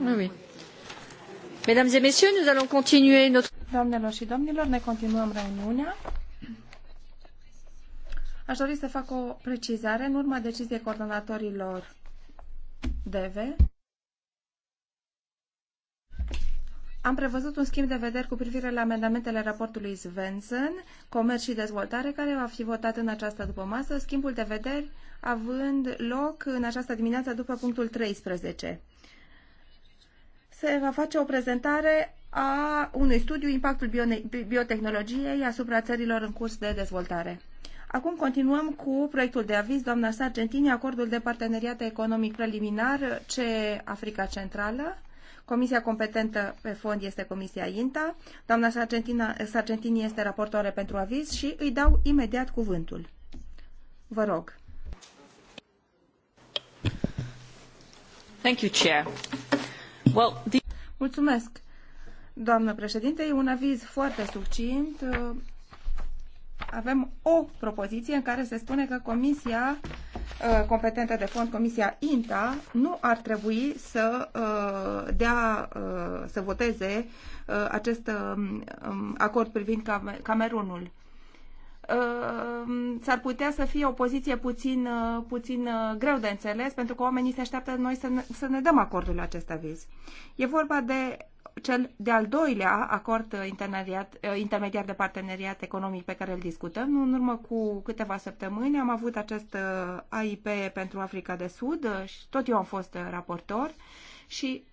Oui, Mesdames et messieurs, nous allons continuer notre... Doamnelor și domnilor, ne continuăm reuniunea. Aș dori să fac o precizare în urma deciziei coordonatorilor DV. Am prevăzut un schimb de vederi cu privire la amendamentele raportului Svensson, Comerț și Dezvoltare, care va fi votat în această masă. schimbul de vederi având loc în această dimineață după punctul 13. Se va face o prezentare a unui studiu impactul biotehnologiei asupra țărilor în curs de dezvoltare. Acum continuăm cu proiectul de aviz, doamna Sargentini, acordul de parteneriat economic preliminar ce Africa Centrală. Comisia competentă pe fond este Comisia INTA. Doamna Sargentini este raportoare pentru aviz și îi dau imediat cuvântul. Vă rog. Thank you, Chair. Well, the... Mulțumesc, doamnă președinte. E un aviz foarte succint avem o propoziție în care se spune că comisia uh, competentă de fond, comisia INTA, nu ar trebui să uh, dea, uh, să voteze acest um, um, acord privind Camerunul. S-ar putea să fie o poziție puțin, puțin greu de înțeles, pentru că oamenii se așteaptă noi să ne, să ne dăm acordul la acest aviz. E vorba de cel de-al doilea acord eh, intermediar de parteneriat economic pe care îl discutăm. În urmă cu câteva săptămâni am avut acest eh, AIP pentru Africa de Sud eh, și tot eu am fost raportor și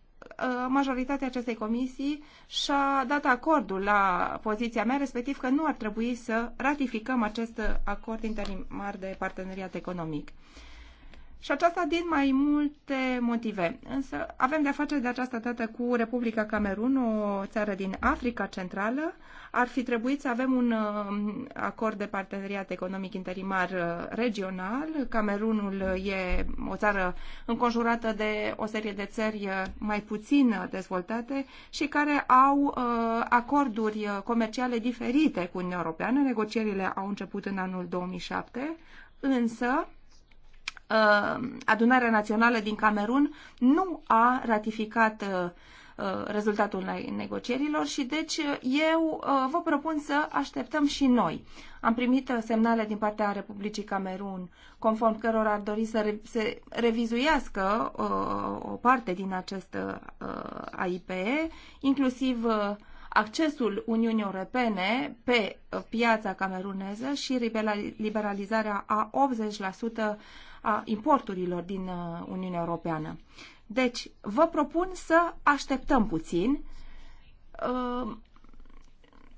majoritatea acestei comisii și-a dat acordul la poziția mea, respectiv că nu ar trebui să ratificăm acest acord interimar de parteneriat economic. Și aceasta din mai multe motive. Însă avem de-a face de această dată cu Republica Camerun, o țară din Africa Centrală. Ar fi trebuit să avem un um, acord de parteneriat economic interimar uh, regional. Camerunul e o țară înconjurată de o serie de țări uh, mai puțin dezvoltate și care au uh, acorduri comerciale diferite cu Uniunea Europeană. Negocierile au început în anul 2007, însă Uh, adunarea națională din Camerun nu a ratificat uh, uh, rezultatul negocierilor și deci eu vă propun să așteptăm și noi. Am primit semnale din partea Republicii Camerun, conform cărora ar dori să re- se revizuiască o parte din acest AIPE, inclusiv accesul Uniunii Europene pe piața cameruneză și liberalizarea a 80% a importurilor din uh, Uniunea Europeană. Deci, vă propun să așteptăm puțin. Uh,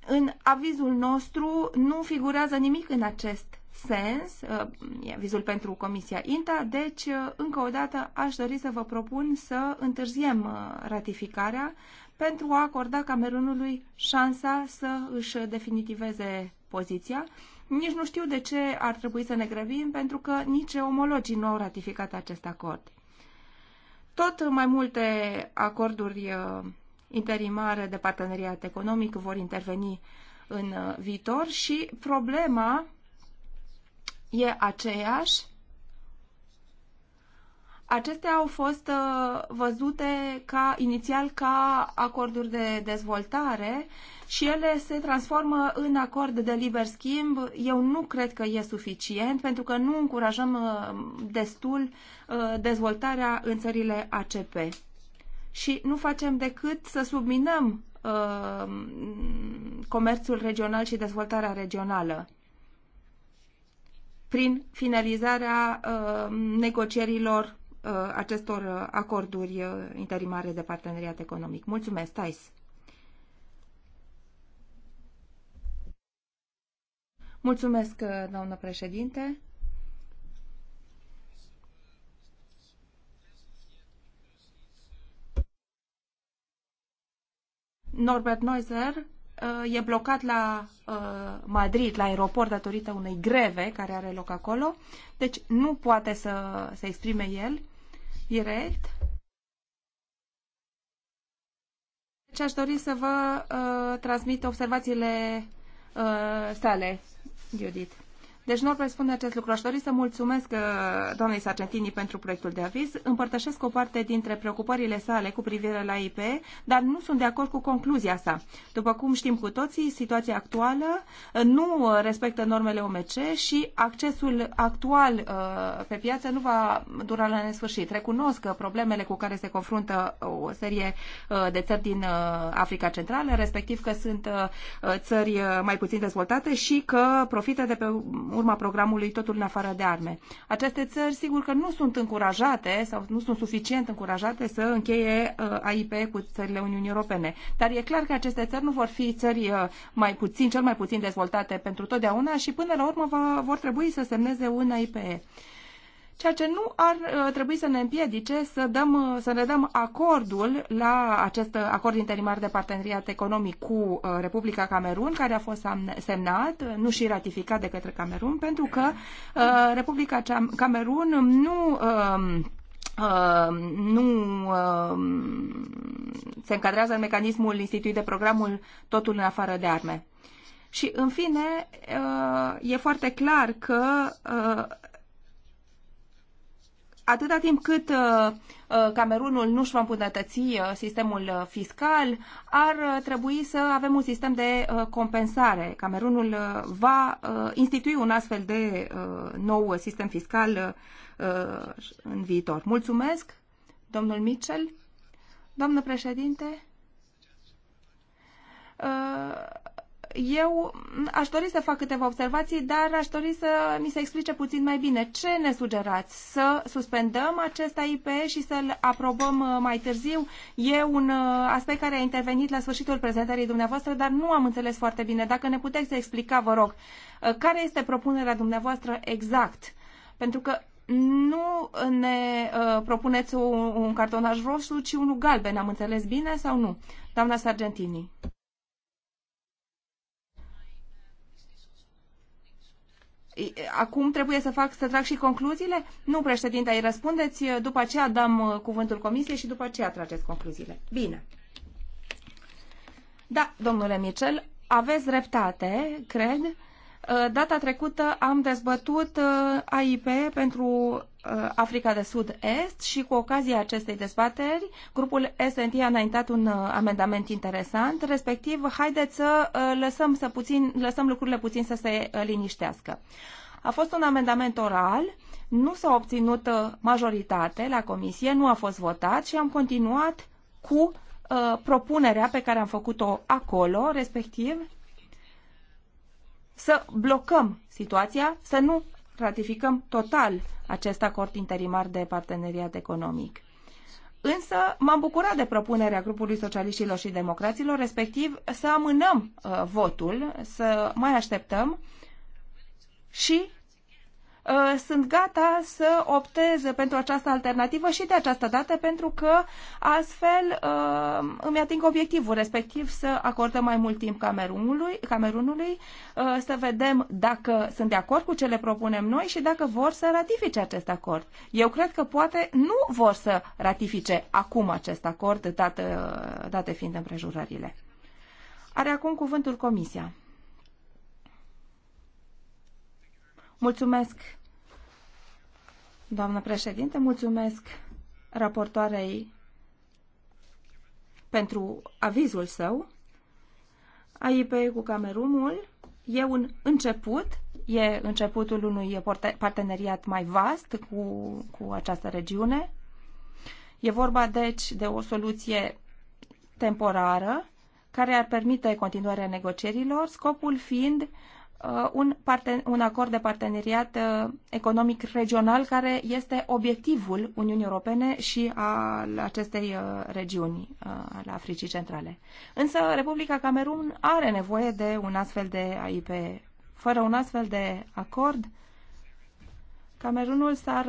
în avizul nostru nu figurează nimic în acest sens, uh, e avizul pentru Comisia INTA, deci încă o dată aș dori să vă propun să întârziem ratificarea pentru a acorda Camerunului șansa să își definitiveze poziția nici nu știu de ce ar trebui să ne grăbim, pentru că nici omologii nu au ratificat acest acord. Tot mai multe acorduri uh, interimare de parteneriat economic vor interveni în uh, viitor și problema e aceeași. Acestea au fost uh, văzute ca inițial ca acorduri de dezvoltare și ele se transformă în acord de liber schimb. Eu nu cred că e suficient pentru că nu încurajăm uh, destul uh, dezvoltarea în țările ACP. Și nu facem decât să subminăm uh, comerțul regional și dezvoltarea regională prin finalizarea negocierilor acestor acorduri interimare de parteneriat economic. Mulțumesc, Tais. Mulțumesc, uh, doamnă președinte. Norbert Neuser uh, e blocat la uh, Madrid, la aeroport, datorită unei greve care are loc acolo. Deci nu poate să se exprime el direct. Deci aș dori să vă uh, transmit observațiile uh, sale. Judith. Deci nu Norbert spune acest lucru. Aș dori să mulțumesc uh, doamnei Sargentini pentru proiectul de aviz. Împărtășesc o parte dintre preocupările sale cu privire la IP, dar nu sunt de acord cu concluzia sa. După cum știm cu toții, situația actuală uh, nu respectă normele OMC și accesul actual uh, pe piață nu va dura la nesfârșit. Recunosc că problemele cu care se confruntă o serie de țări din Africa Centrală, respectiv că sunt țări mai puțin dezvoltate și că profită de pe urma programului Totul în afară de arme. Aceste țări, sigur că nu sunt încurajate sau nu sunt suficient încurajate să încheie uh, AIP cu țările Uniunii Europene. Dar e clar că aceste țări nu vor fi țări uh, mai puțin, cel mai puțin dezvoltate pentru totdeauna și până la urmă vor trebui să semneze un AIPE ceea ce nu ar uh, trebui să ne împiedice să, dăm, uh, să ne dăm acordul la acest acord interimar de parteneriat economic cu uh, Republica Camerun, care a fost semnat, nu și ratificat de către Camerun, pentru că Republica Camerun nu um, um, nu um, se încadrează în mecanismul instituit de programul Totul în afară de arme. Și, în fine, e foarte clar că atâta timp cât uh, uh, Camerunul nu și va îmbunătăți uh, sistemul fiscal, ar trebui să avem un sistem de compensare. Camerunul va institui un astfel de nou sistem fiscal în viitor. Mulțumesc, domnul Mitchell. Doamnă președinte, eu aș dori să fac câteva observații, dar aș dori să mi se explice puțin mai bine. Ce ne sugerați? Să suspendăm acest AIP și să-l aprobăm uh, mai târziu? E un uh, aspect care a intervenit la sfârșitul prezentării dumneavoastră, dar nu am înțeles foarte bine. Dacă ne puteți explica, vă rog, uh, care este propunerea dumneavoastră exact? Pentru că nu ne uh, propuneți un, un cartonaj roșu, ci unul galben, am înțeles bine sau nu? Doamna Sargentini. acum trebuie să fac să trag și concluziile? Nu, președinte, îi răspundeți, după aceea dăm uh, cuvântul comisiei și după aceea trageți concluziile. Bine. Da, domnule Michel, aveți dreptate, cred Uh, data trecută am dezbătut uh, AIP pentru uh, Africa de Sud-Est și cu ocazia acestei dezbateri, grupul SNT a înaintat un amendament interesant, respectiv, haideți să lăsăm, să puțin, lăsăm lucrurile puțin să se liniștească. A fost un amendament oral, nu s-a obținut majoritate la comisie, nu a fost votat și am continuat cu uh, propunerea pe care am făcut-o acolo, respectiv să blocăm situația, să nu ratificăm total acest acord interimar de parteneriat economic. Însă m-am bucurat de propunerea grupului socialiștilor și democraților, respectiv să amânăm uh, votul, să mai așteptăm și Uh, sunt gata să optez pentru această alternativă și de această dată pentru că astfel uh, îmi ating obiectivul respectiv să acordăm mai mult timp Camerunului, Camerunului uh, să vedem dacă sunt de acord cu ce le propunem noi și dacă vor să ratifice acest acord. Eu cred că poate nu vor să ratifice acum acest acord, date, date fiind împrejurările. Are acum cuvântul Comisia. Mulțumesc, Doamnă președinte, mulțumesc raportoarei pentru avizul său. AIP cu Camerunul e un început, e începutul unui parteneriat mai vast cu, cu această regiune. E vorba, deci, de o soluție temporară care ar permite continuarea negocierilor, scopul fiind uh, Uh, un, parten, un acord de parteneriat uh, economic regional care este obiectivul Uniunii Europene și al acestei uh, regiuni, al Africii Centrale. Însă Republica Camerun are nevoie de un astfel de AIP. Fără un astfel de acord, Camerunul s-ar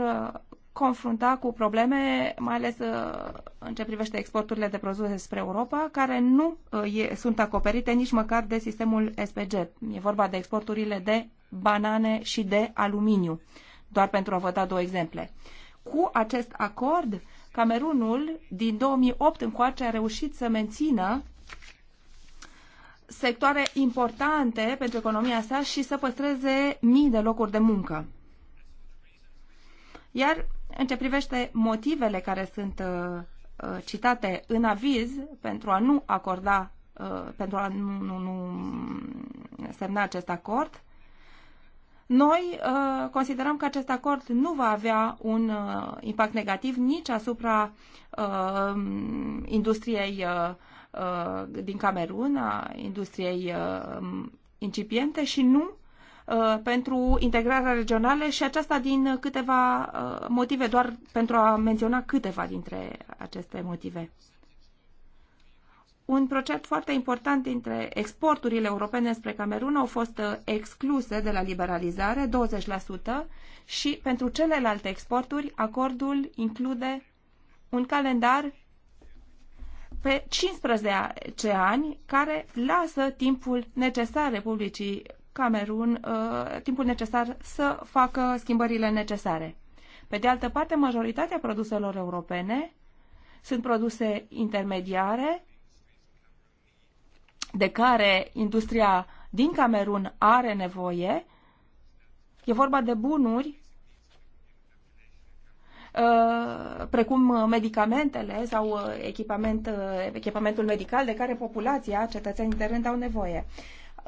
confrunta cu probleme, mai ales uh, în ce privește exporturile de produse spre Europa, care nu uh, e, sunt acoperite nici măcar de sistemul SPG. E vorba de exporturile de banane și de aluminiu, doar pentru a vă da două exemple. Cu acest acord, Camerunul din 2008 încoace a reușit să mențină sectoare importante pentru economia sa și să păstreze mii de locuri de muncă. Iar în ce privește motivele care sunt uh, uh, citate în aviz pentru a nu acorda, uh, pentru a nu, nu, nu semna acest acord, noi uh, considerăm că acest acord nu va avea un uh, impact negativ nici asupra uh, industriei uh, din Camerun, a industriei uh, incipiente și nu Uh, pentru integrarea regională și aceasta din câteva uh, motive, doar pentru a menționa câteva dintre aceste motive. Un procent foarte important dintre exporturile europene spre Camerun au fost uh, excluse de la liberalizare, 20%, și pentru celelalte exporturi, acordul include un calendar pe 15 ani, care lasă timpul necesar Republicii Camerun uh, timpul necesar să facă schimbările necesare. Pe de altă parte, majoritatea produselor europene sunt produse intermediare de care industria din Camerun are nevoie. E vorba de bunuri uh, precum medicamentele sau uh, echipament, echipamentul medical de care populația, cetățenii de rând, au nevoie.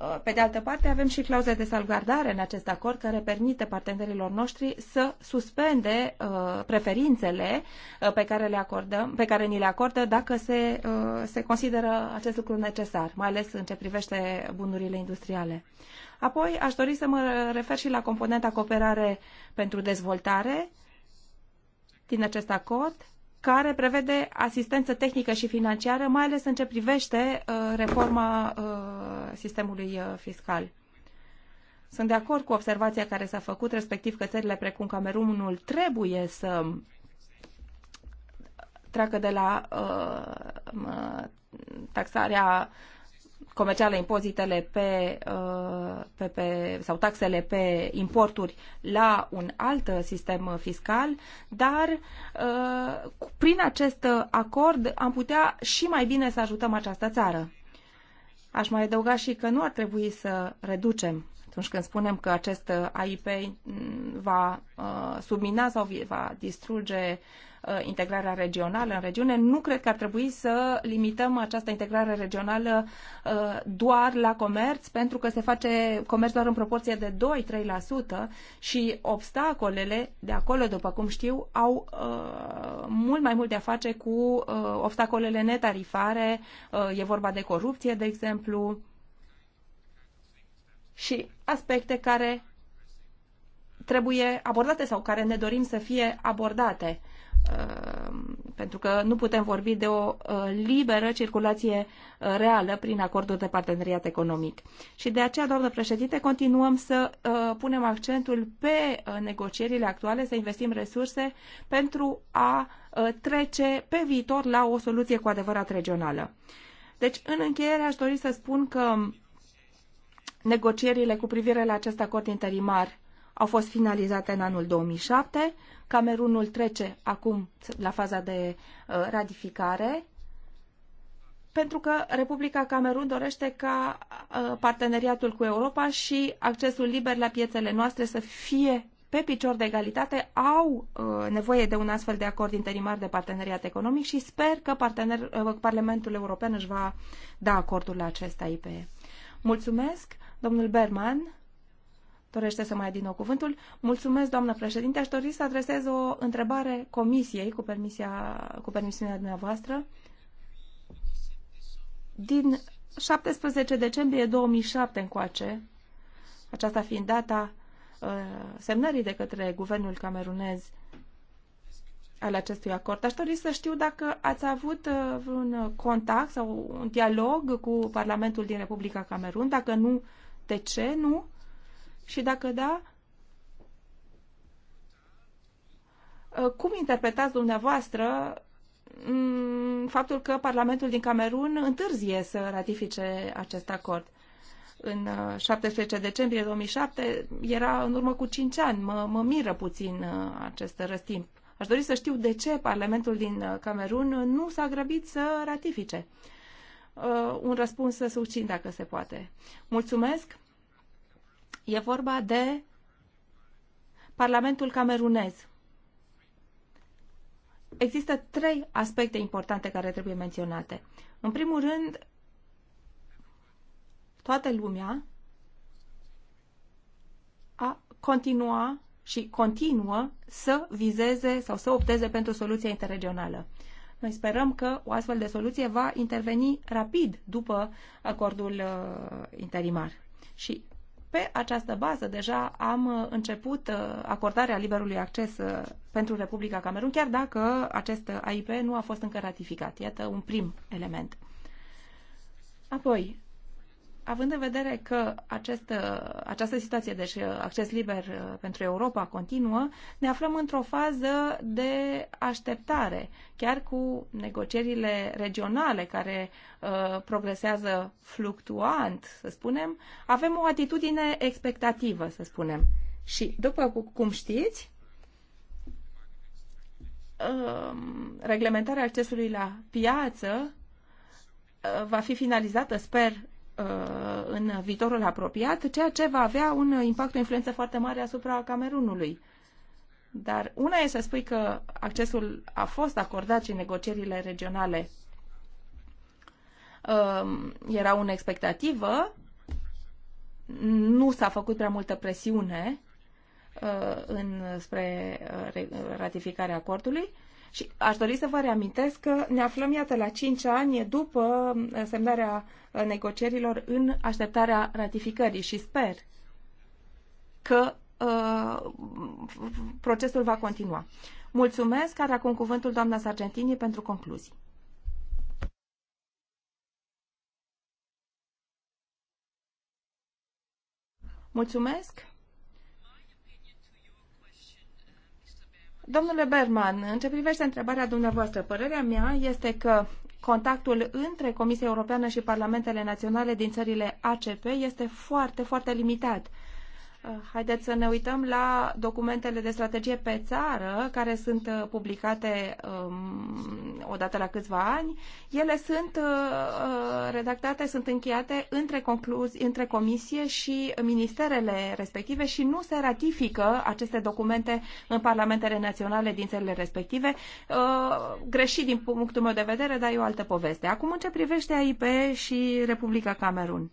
Uh, pe de altă parte, avem și clauze de salvgardare în acest acord care permite partenerilor noștri să suspende uh, preferințele uh, pe care, le acordăm, pe care ni le acordă dacă se, se consideră acest lucru necesar, mai ales în ce privește bunurile industriale. Apoi, aș dori să mă refer și la componenta cooperare pentru dezvoltare din acest acord care prevede asistență tehnică și financiară, mai ales în ce privește uh, reforma uh, sistemului uh, fiscal. Sunt de acord cu observația care s-a făcut, respectiv că țările precum Camerunul trebuie să treacă de la taxarea comerciale, impozitele pe, uh, pe, pe, sau taxele pe importuri la un alt sistem fiscal, dar uh, prin acest acord am putea și mai bine să ajutăm această țară. Aș mai adăuga și că nu ar trebui să reducem atunci când spunem că acest AIP mm, va uh, submina sau va distruge Uh, integrarea regională în regiune, nu cred că ar trebui să limităm această integrare regională uh, doar la comerț, pentru că se face comerț doar în proporție de 2-3% și obstacolele de acolo, după cum știu, au uh, mult mai mult de a face cu obstacolele netarifare, e vorba de corupție, de exemplu, și aspecte care trebuie abordate sau care ne dorim să fie abordate Ehm, pentru că nu putem vorbi de o eh, liberă circulație eh, reală prin acordul de parteneriat economic. Și de aceea, doamnă președinte, continuăm să eh, punem accentul pe negocierile actuale, să investim resurse pentru a trece pe viitor la o soluție cu adevărat regională. Deci, în încheiere, aș dori să spun că negocierile cu privire la acest acord interimar au fost finalizate în anul 2007. Camerunul trece acum la faza de uh, ratificare pentru că Republica Camerun dorește ca uh, parteneriatul cu Europa și accesul liber la piețele noastre să fie pe picior de egalitate, au uh, nevoie de un astfel de acord interimar de parteneriat economic și sper că partener, uh, Parlamentul European își va da acordul la acesta IPE. Mulțumesc, domnul Berman dorește să mai adină cuvântul. Mulțumesc, doamnă președinte. Aș dori să adresez o întrebare comisiei cu, permisia, cu permisiunea dumneavoastră. Din 17 decembrie 2007 încoace, aceasta fiind data uh, semnării de către guvernul camerunez al acestui acord. Aș dori să știu dacă ați avut uh, vreun contact sau un dialog cu Parlamentul din Republica Camerun. Dacă nu, de ce nu? Și dacă da, ă, cum interpretați dumneavoastră faptul că Parlamentul din Camerun întârzie să ratifice acest acord? În 17 ă, decembrie 2007 era în urmă cu 5 ani. Mă, mă miră puțin ă, acest răstimp. Aș dori să știu de ce Parlamentul din Camerun nu s-a grăbit să ratifice. Un răspuns succint, dacă se poate. Mulțumesc! E vorba de Parlamentul camerunez. Există trei aspecte importante care trebuie menționate. În primul rând, toată lumea a continua și continuă să vizeze sau să opteze pentru soluția interregională. Noi sperăm că o astfel de soluție va interveni rapid după acordul uh, interimar. Și pe această bază deja am uh, început uh, acordarea liberului acces uh, pentru Republica Camerun, chiar dacă acest AIP nu a fost încă ratificat. Iată un prim element. Apoi, având în vedere că această uh, această situație, deci uh, acces liber uh, pentru Europa continuă, ne aflăm într-o fază de așteptare, chiar cu negocierile regionale care uh, progresează fluctuant, să spunem, avem o atitudine expectativă, să spunem. Și, după cum știți, uh, reglementarea accesului la piață va fi finalizată, sper, Uh, în viitorul apropiat, ceea ce va avea un impact, o influență foarte mare asupra Camerunului. Dar una e să spui că accesul a fost acordat și în negocierile regionale uh, era o expectativă, nu s-a făcut prea multă presiune uh, în, spre ratificarea acordului și aș dori să vă reamintesc că ne aflăm, iată, la 5 ani după uh, semnarea uh, negocierilor în așteptarea ratificării și sper că uh, procesul va continua. Mulțumesc, are acum cuvântul doamna Sargentini pentru concluzii. Mulțumesc! Domnule Berman, în ce privește întrebarea dumneavoastră, părerea mea este că contactul între Comisia Europeană și Parlamentele Naționale din țările ACP este foarte, foarte limitat. Ah, haideți să ne uităm la documentele de strategie pe țară, care sunt uh, publicate um, odată la câțiva ani. Ele sunt uh, uh redactate, sunt încheiate între, concluzi, între comisie și ministerele respective și nu se ratifică aceste documente în parlamentele naționale din țările respective. Uh, greșit din punctul meu de vedere, dar e o altă poveste. Acum, în ce privește AIP și Republica Camerun.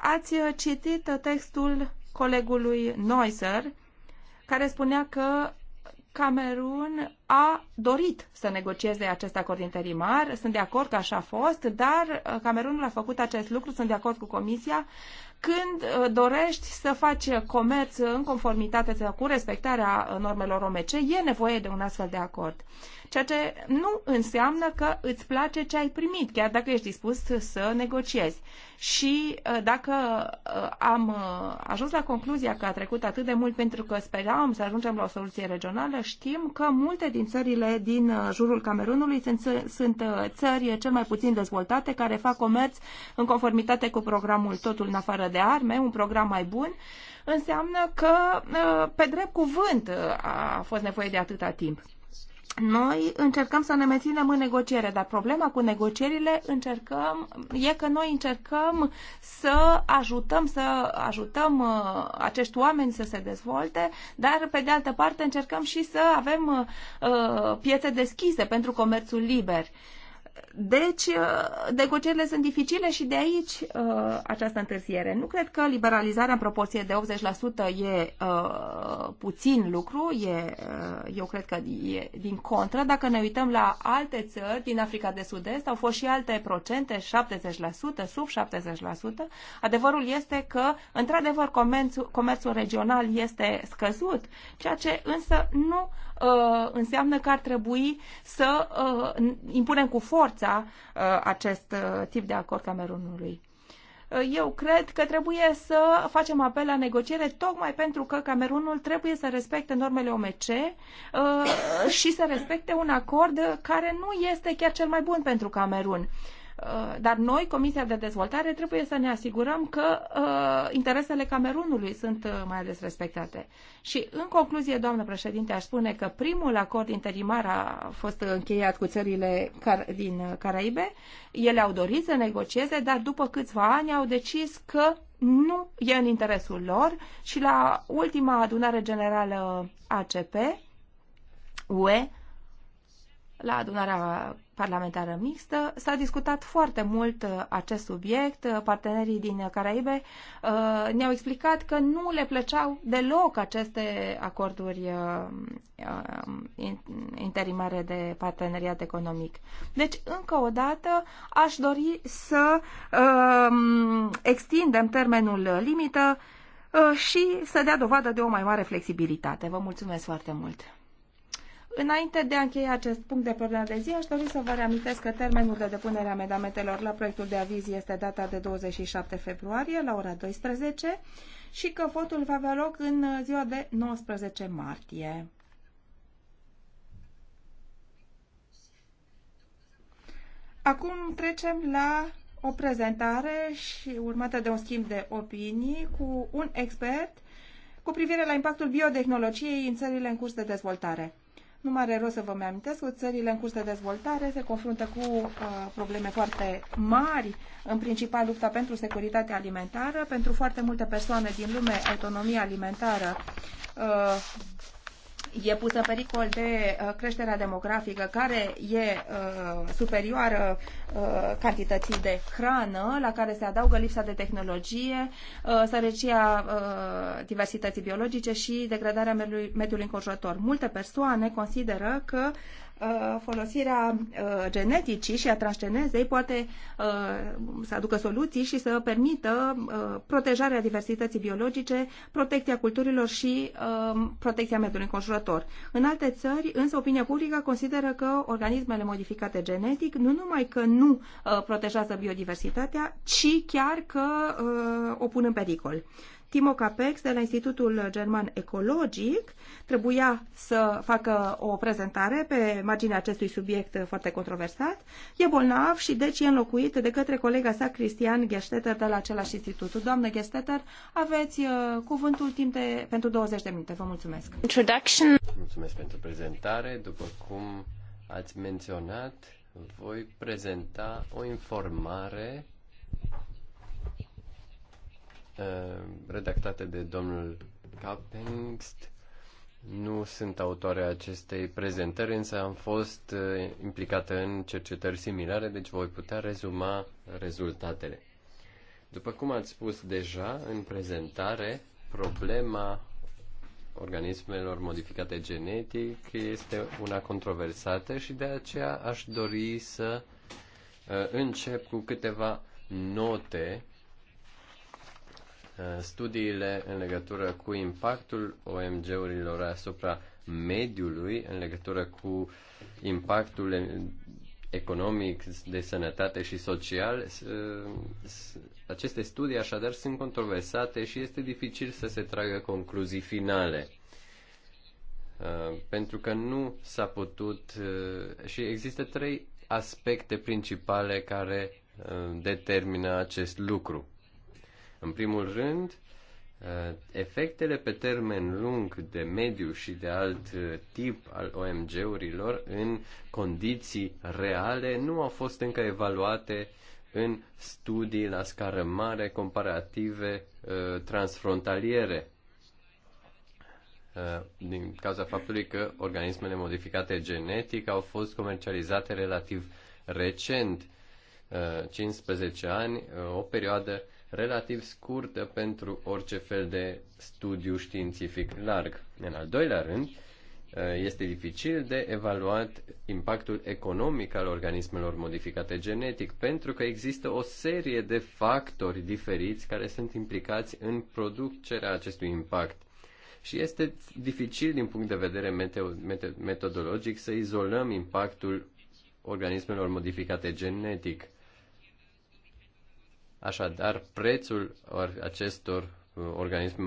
Ați uh, citit uh, textul colegului Neusser, care spunea că Camerun a dorit să negocieze acest acord interimar. Sunt de acord că așa a fost, dar uh, Camerunul a făcut acest lucru, sunt de acord cu Comisia. Când dorești să faci comerț în conformitate sau cu respectarea normelor OMC, e nevoie de un astfel de acord ceea ce nu înseamnă că îți place ce ai primit, chiar dacă ești dispus să negociezi. Și uh, dacă uh, am uh, ajuns la concluzia că a trecut atât de mult pentru că speram să ajungem la o soluție regională, știm că multe din țările din jurul Camerunului sunt, sunt țări cel mai puțin dezvoltate care fac comerț în conformitate cu programul Totul în afară de arme, un program mai bun înseamnă că pe drept cuvânt a fost nevoie de atâta timp noi încercăm să ne menținem în negociere, dar problema cu negocierile încercăm, e că noi încercăm să ajutăm, să ajutăm uh, acești oameni să se dezvolte, dar pe de altă parte încercăm și să avem uh, piețe deschise pentru comerțul liber. Uh, deci, uh, negocierile sunt dificile și de aici uh, această întârziere. Nu cred că liberalizarea în proporție de 80% e uh, puțin lucru, e, uh, eu cred că e din contră. Dacă ne uităm la alte țări din Africa de Sud-Est, au fost și alte procente, 70%, sub 70%. Adevărul este că, într-adevăr, comerțul, comerțul regional este scăzut, ceea ce însă nu uh, Uh, înseamnă că ar trebui să uh, impunem cu forța uh, acest tip de acord Camerunului eu cred că trebuie să facem apel la negociere tocmai pentru că Camerunul trebuie să respecte normele OMC și să respecte un acord care nu este chiar cel mai bun pentru Camerun. Uh, dar noi, Comisia de Dezvoltare, trebuie să ne asigurăm că uh, interesele Camerunului sunt uh, mai ales respectate. Și, în concluzie, doamnă președinte, aș spune că primul acord interimar a fost încheiat cu țările din Caraibe. Ele au dorit să negocieze, dar după câțiva ani au decis că nu e în interesul lor și la ultima adunare generală ACP, UE, la adunarea parlamentară mixtă. S-a discutat foarte mult uh, acest subiect. Uh, partenerii din Caraibe uh, ne-au explicat că nu le plăceau deloc aceste acorduri interimare de parteneriat economic. Deci, încă o dată, aș dori să extindem termenul limită și să dea dovadă de o mai mare flexibilitate. Vă mulțumesc foarte mult! Înainte de a încheia acest punct de problemă de zi, aș dori să vă reamintesc că termenul de depunere a amendamentelor la proiectul de aviz este data de 27 februarie la ora 12 și că votul va avea loc în ziua de 19 martie. Acum trecem la o prezentare și urmată de un schimb de opinii cu un expert cu privire la impactul biotehnologiei în țările în curs de dezvoltare. Nu mai are rost să vă mai amintesc că țările în curs de dezvoltare se confruntă cu uh, probleme foarte mari, în principal lupta pentru securitatea alimentară. Pentru foarte multe persoane din lume, autonomia alimentară uh, e pus în pericol de uh, creșterea demografică care e uh, superioară uh, cantității de hrană, la care se adaugă lipsa de tehnologie, sărăcia diversității biologice și degradarea mediului înconjurător. Multe persoane consideră că Uh, folosirea uh, geneticii și a transgenezei poate uh, să aducă soluții și să permită protejarea diversității biologice, protecția culturilor și protecția mediului înconjurător. În alte țări, însă, opinia publică consideră că organismele modificate genetic nu numai că nu protejează biodiversitatea, ci chiar că o pun în pericol. Timo Capex de la Institutul German Ecologic trebuia să facă o prezentare pe marginea acestui subiect foarte controversat. E bolnav și deci e înlocuit de către colega sa Cristian Gesteter de la același institut. Doamnă Gesteter, aveți uh, cuvântul timp de, pentru 20 de minute. Vă mulțumesc. Introduction. Mulțumesc pentru prezentare. După cum ați menționat, voi prezenta o informare Uh, redactate de domnul Kapengst. Nu sunt autoare acestei prezentări, însă am fost uh, implicată în cercetări similare, deci voi putea rezuma rezultatele. După cum ați spus deja în prezentare, problema organismelor modificate genetic este una controversată și de aceea aș dori să uh, încep cu câteva note Eh, studiile în legătură cu impactul OMG-urilor asupra mediului, în legătură cu impactul economic, de sănătate și social. Aceste studii așadar sunt controversate și este dificil să se tragă concluzii finale. Eh, pentru că nu s-a putut eh, și există trei aspecte principale care determină acest lucru. În primul rând, eh, efectele pe termen lung de mediu și de alt eh, tip al OMG-urilor în condiții reale nu au fost încă evaluate în studii la scară mare comparative eh, transfrontaliere din cauza faptului că organismele modificate genetic au fost comercializate relativ recent, 15 ani, o perioadă relativ scurtă pentru orice fel de studiu științific larg. În al doilea rând, eh, este dificil de evaluat impactul economic al organismelor modificate genetic, pentru că există o serie de factori diferiți care sunt implicați în producerea acestui impact. Și este dificil din punct de vedere metodologic să izolăm impactul organismelor modificate genetic Așadar, prețul acestor uh, organisme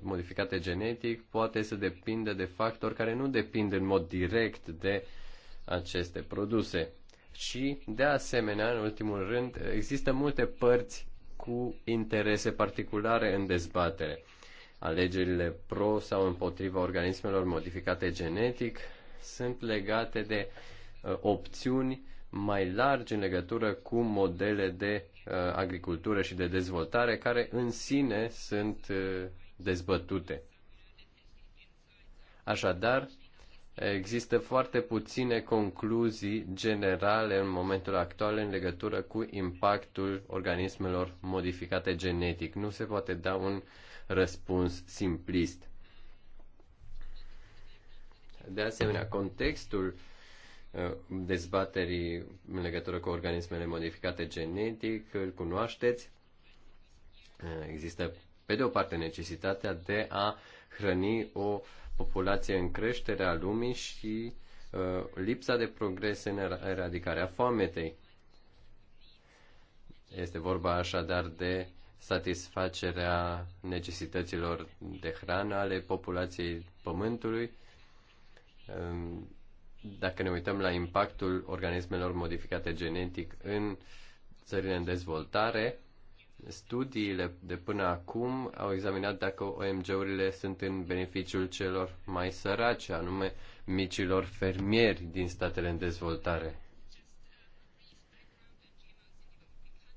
modificate genetic poate să depindă de factori care nu depind în mod direct de aceste produse. Și, de asemenea, în ultimul rând, există multe părți cu interese particulare în dezbatere. Alegerile pro sau împotriva organismelor modificate genetic sunt legate de uh, opțiuni mai largi în legătură cu modele de Uh, agricultură și de dezvoltare, care în sine sunt uh, dezbătute. Așadar, există foarte puține concluzii generale în momentul actual în legătură cu impactul organismelor modificate genetic. Nu se poate da un răspuns simplist. De asemenea, contextul Uh, dezbaterii în legătură cu organismele modificate genetic, îl cunoașteți. Uh, există, pe de o parte, necesitatea de a hrăni o populație în creștere a lumii și uh, lipsa de progres în eradicarea foametei. Este vorba așadar de satisfacerea necesităților de hrană ale populației Pământului um, dacă ne uităm la impactul organismelor modificate genetic în țările în dezvoltare, studiile de până acum au examinat dacă OMG-urile sunt în beneficiul celor mai sărace, anume micilor fermieri din statele în dezvoltare.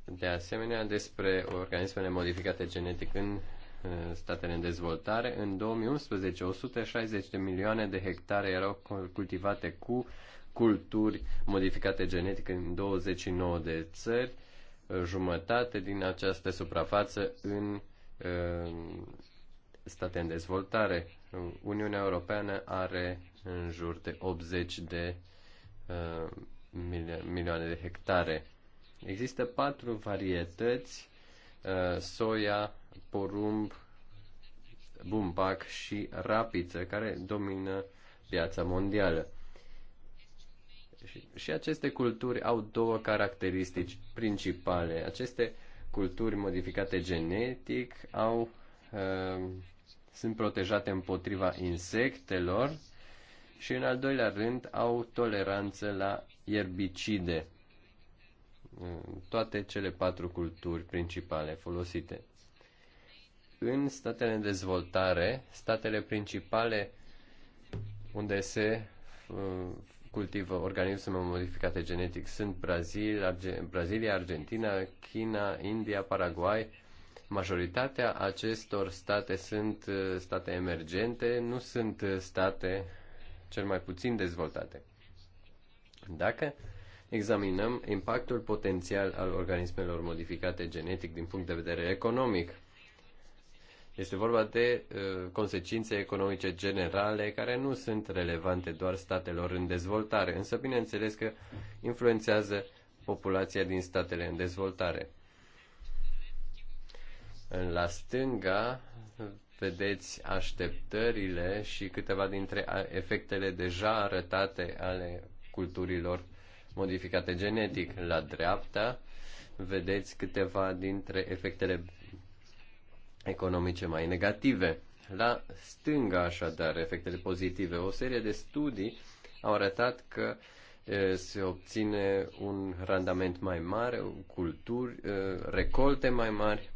De asemenea, despre organismele modificate genetic în Eh, statele în dezvoltare. În 2011, 160 de milioane de hectare erau cultivate cu culturi modificate genetic în 29 de țări, eh, jumătate din această suprafață în eh, state în dezvoltare. Uniunea Europeană are în jur de 80 de milioane de hectare. Există patru varietăți, soia, porumb, bumbac și rapiță, care domină piața mondială. Și, și aceste culturi au două caracteristici principale. Aceste culturi modificate genetic au, uh, sunt protejate împotriva insectelor și, în al doilea rând, au toleranță la ierbicide. Uh, toate cele patru culturi principale folosite în statele în dezvoltare, statele principale unde se uh, cultivă organisme modificate genetic sunt Brazil, Arge- Brazilia, Argentina, China, India, Paraguay. Majoritatea acestor state sunt uh, state emergente, nu sunt uh, state cel mai puțin dezvoltate. Dacă examinăm impactul potențial al organismelor modificate genetic din punct de vedere economic, este vorba de uh, consecințe economice generale care nu sunt relevante doar statelor în dezvoltare, însă bineînțeles că influențează populația din statele în dezvoltare. La stânga vedeți așteptările și câteva dintre efectele deja arătate ale culturilor modificate genetic. La dreapta vedeți câteva dintre efectele economice mai negative. La stânga, așadar, efectele pozitive. O serie de studii au arătat că se obține un randament mai mare, culturi, recolte mai mari,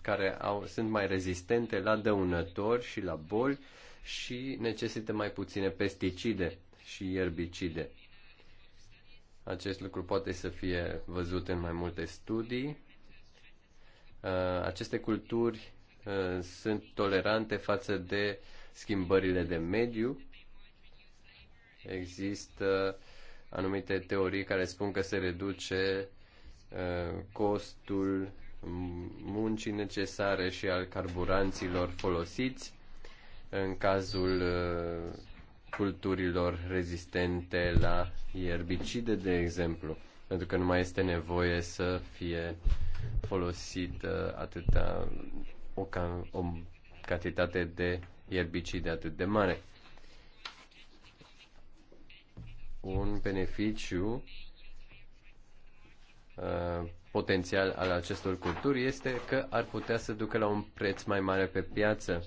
care au, sunt mai rezistente la dăunători și la boli și necesită mai puține pesticide și ierbicide. Acest lucru poate să fie văzut în mai multe studii Uh, aceste culturi uh, sunt tolerante față de schimbările de mediu. Există anumite teorii care spun că se reduce uh, costul muncii necesare și al carburanților folosiți în cazul culturilor rezistente la ierbicide, de exemplu, pentru că nu mai este nevoie să fie uh, folosit uh, atâta o, ca, o cantitate de erbicide atât de mare. Un beneficiu uh, potențial al acestor culturi este că ar putea să ducă la un preț mai mare pe piață.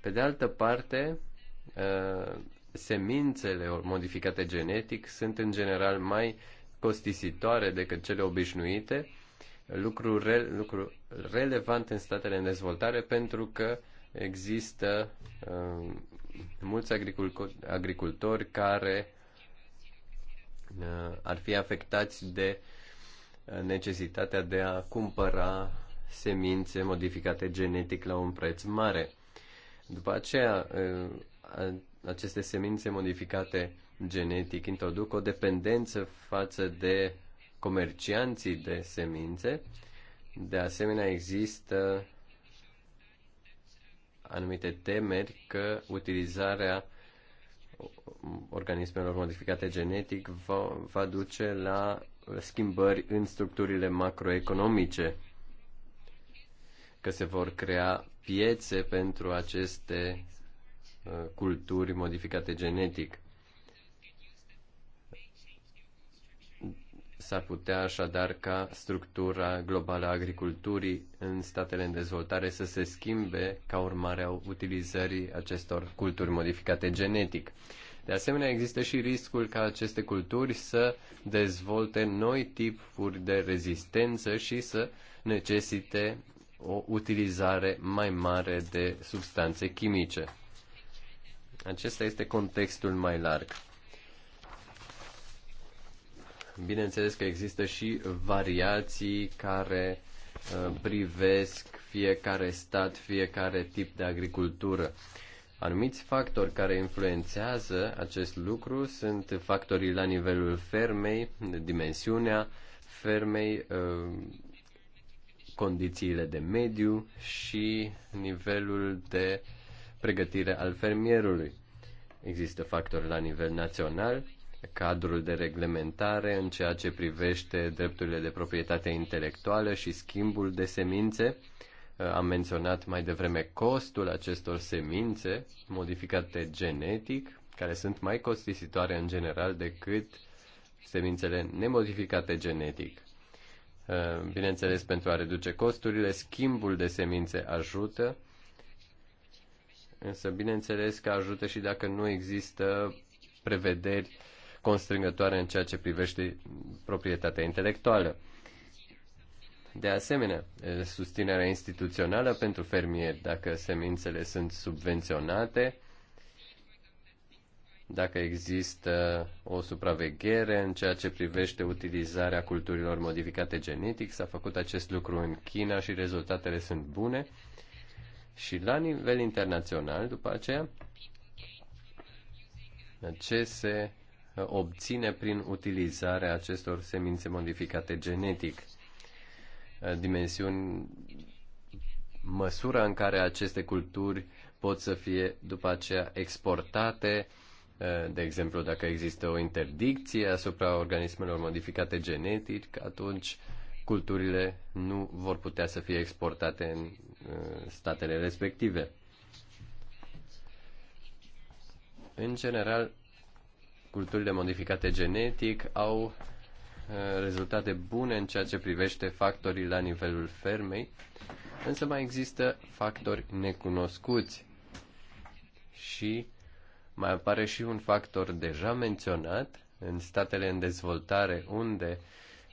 Pe de altă parte, uh, semințele modificate genetic sunt în general mai uh, costisitoare decât cele obișnuite, lucru, re, lucru relevant în statele în dezvoltare pentru că există uh, mulți agricultori care uh, ar fi afectați de uh, necesitatea de a cumpăra semințe modificate genetic la un preț mare. După aceea, uh, aceste semințe modificate genetic introduc o dependență față de comercianții de semințe. De asemenea, există anumite temeri că utilizarea organismelor modificate genetic va, va duce la schimbări în structurile macroeconomice, că se vor crea piețe pentru aceste uh, culturi modificate genetic. S-ar putea așadar ca structura globală a agriculturii în statele în dezvoltare să se schimbe ca urmare a utilizării acestor culturi modificate genetic. De asemenea, există și riscul ca aceste culturi să dezvolte noi tipuri de rezistență și să necesite o utilizare mai mare de substanțe chimice. Acesta este contextul mai larg. Bineînțeles că există și variații care uh, privesc fiecare stat, fiecare tip de agricultură. Anumiți factori care influențează acest lucru sunt factorii la nivelul fermei, dimensiunea fermei, uh, condițiile de mediu și nivelul de pregătire al fermierului. Există factori la nivel național cadrul de reglementare în ceea ce privește drepturile de proprietate intelectuală și schimbul de semințe. Uh, am menționat mai devreme costul acestor semințe modificate genetic, care sunt mai costisitoare în general decât semințele nemodificate genetic. Uh, bineînțeles, pentru a reduce costurile, schimbul de semințe ajută, însă bineînțeles că ajută și dacă nu există prevederi uh, constrângătoare în ceea ce privește proprietatea intelectuală. De asemenea, susținerea instituțională pentru fermieri, dacă semințele sunt subvenționate, dacă există o supraveghere în ceea ce privește utilizarea culturilor modificate genetic. S-a făcut acest lucru în China și rezultatele sunt bune. Și la nivel internațional, după aceea, ce se obține prin utilizarea acestor semințe modificate genetic. Uh, dimensiuni, măsura în care aceste culturi pot să fie după aceea exportate, uh, de exemplu, dacă există o interdicție asupra organismelor modificate genetic, atunci culturile nu vor putea să fie exportate în uh, statele respective. În general, culturile modificate genetic au uh, rezultate bune în ceea ce privește factorii la nivelul fermei, însă mai există factori necunoscuți și mai apare și un factor deja menționat în statele în dezvoltare unde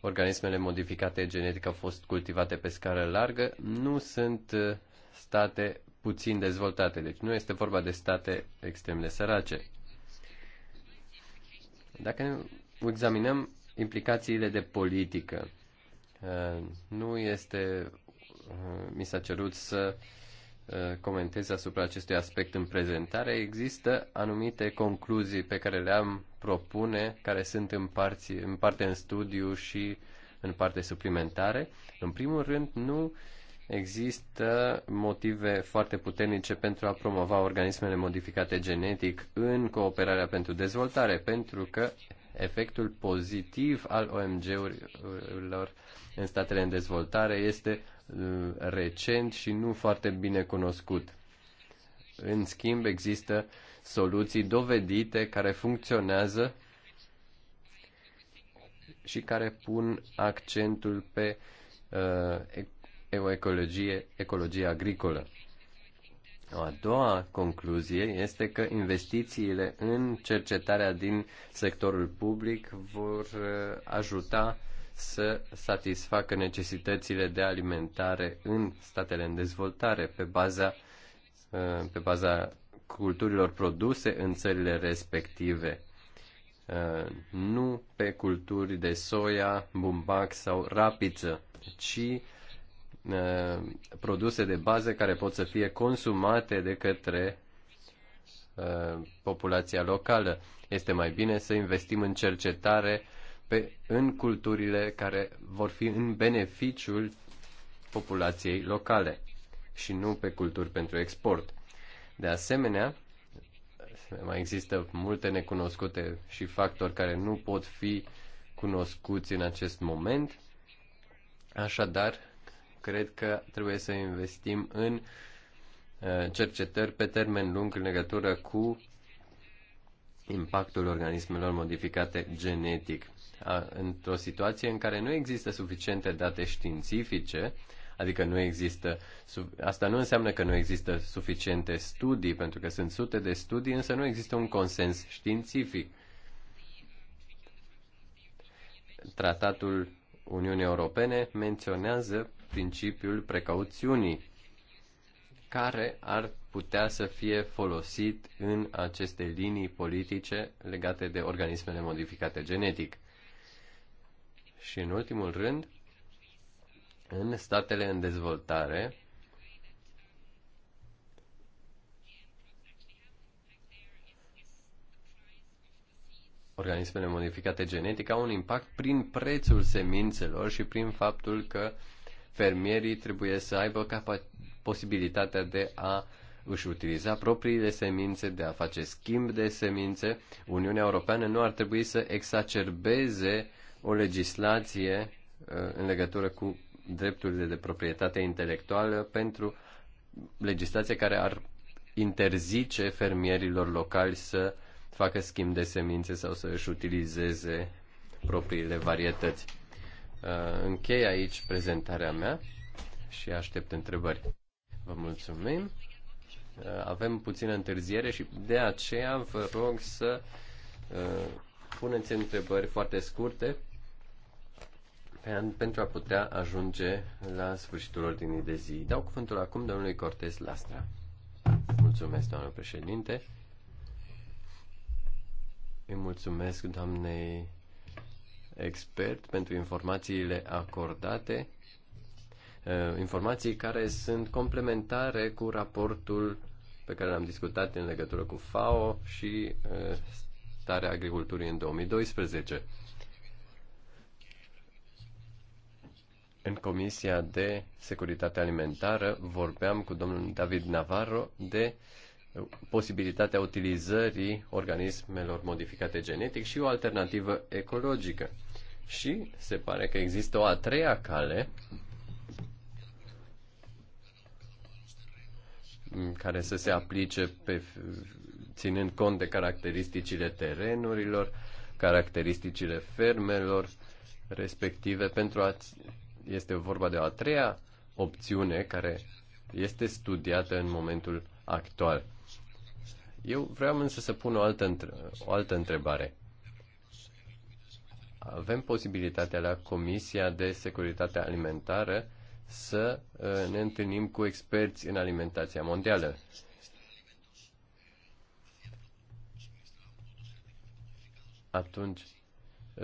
organismele modificate genetic au fost cultivate pe scară largă, nu sunt uh, state puțin dezvoltate, deci nu este vorba de state extrem de sărace. Dacă examinăm implicațiile de politică, uh, nu este, uh, mi s-a cerut să uh, comentez asupra acestui aspect în prezentare. Există anumite concluzii pe care le-am propune, care sunt în, parți, în parte în studiu și în parte suplimentare. În primul rând, nu uh, Există motive foarte puternice pentru a promova organismele modificate genetic în cooperarea pentru dezvoltare, pentru că efectul pozitiv al OMG-urilor în statele în dezvoltare este uh, recent și nu foarte bine cunoscut. În schimb, există soluții dovedite care funcționează și care pun accentul pe uh, o ecologie, ecologie agricolă. O a doua concluzie este că investițiile în cercetarea din sectorul public vor uh, ajuta să satisfacă necesitățile de alimentare în statele în dezvoltare pe baza, uh, pe baza culturilor produse în țările respective, uh, nu pe culturi de soia, bumbac sau rapiță, ci Uh, produse de bază care pot să fie consumate de către uh, populația locală. Este mai bine să investim în cercetare pe, în culturile care vor fi în beneficiul populației locale și nu pe culturi pentru export. De asemenea, mai există multe necunoscute și factori care nu pot fi cunoscuți în acest moment. Așadar, cred că trebuie să investim în uh, cercetări pe termen lung în legătură cu impactul organismelor modificate genetic. Într-o situație în care nu există suficiente date științifice, adică nu există, asta nu înseamnă că nu există suficiente studii, pentru că sunt sute de studii, însă nu există un consens științific. Tratatul Uniunii Europene menționează principiul precauțiunii, care ar putea să fie folosit în aceste linii politice legate de organismele modificate genetic. Și în ultimul rând, în statele în dezvoltare, organismele modificate genetic au un impact prin prețul semințelor și prin faptul că uh, fermierii trebuie să aibă posibilitatea de a își utiliza propriile semințe, de a face schimb de semințe. Uniunea Europeană nu ar trebui să exacerbeze o legislație uh, în legătură cu drepturile de proprietate intelectuală pentru legislație care ar interzice fermierilor locali să facă schimb de semințe sau să își utilizeze propriile varietăți. Uh, închei aici prezentarea mea și aștept întrebări. Vă mulțumim. Uh, avem puțină întârziere și de aceea vă rog să uh, puneți întrebări foarte scurte pentru a putea ajunge la sfârșitul ordinii de zi. Dau cuvântul acum domnului Cortez Lastra. Mulțumesc, doamnă președinte. Îi mulțumesc doamnei expert pentru informațiile acordate, uh, informații care sunt complementare cu raportul pe care l-am discutat în legătură cu FAO și uh, starea agriculturii în 2012. În Comisia de Securitate Alimentară vorbeam cu domnul David Navarro de uh, posibilitatea utilizării organismelor modificate genetic și o alternativă ecologică. Și se pare că există o a treia cale care să se aplice pe, ținând cont de caracteristicile terenurilor, caracteristicile fermelor respective pentru a este vorba de o a treia opțiune care este studiată în momentul actual. Eu vreau însă să pun o altă, o altă întrebare. Avem posibilitatea la Comisia de Securitate Alimentară să uh, ne întâlnim cu experți în alimentația mondială. Atunci,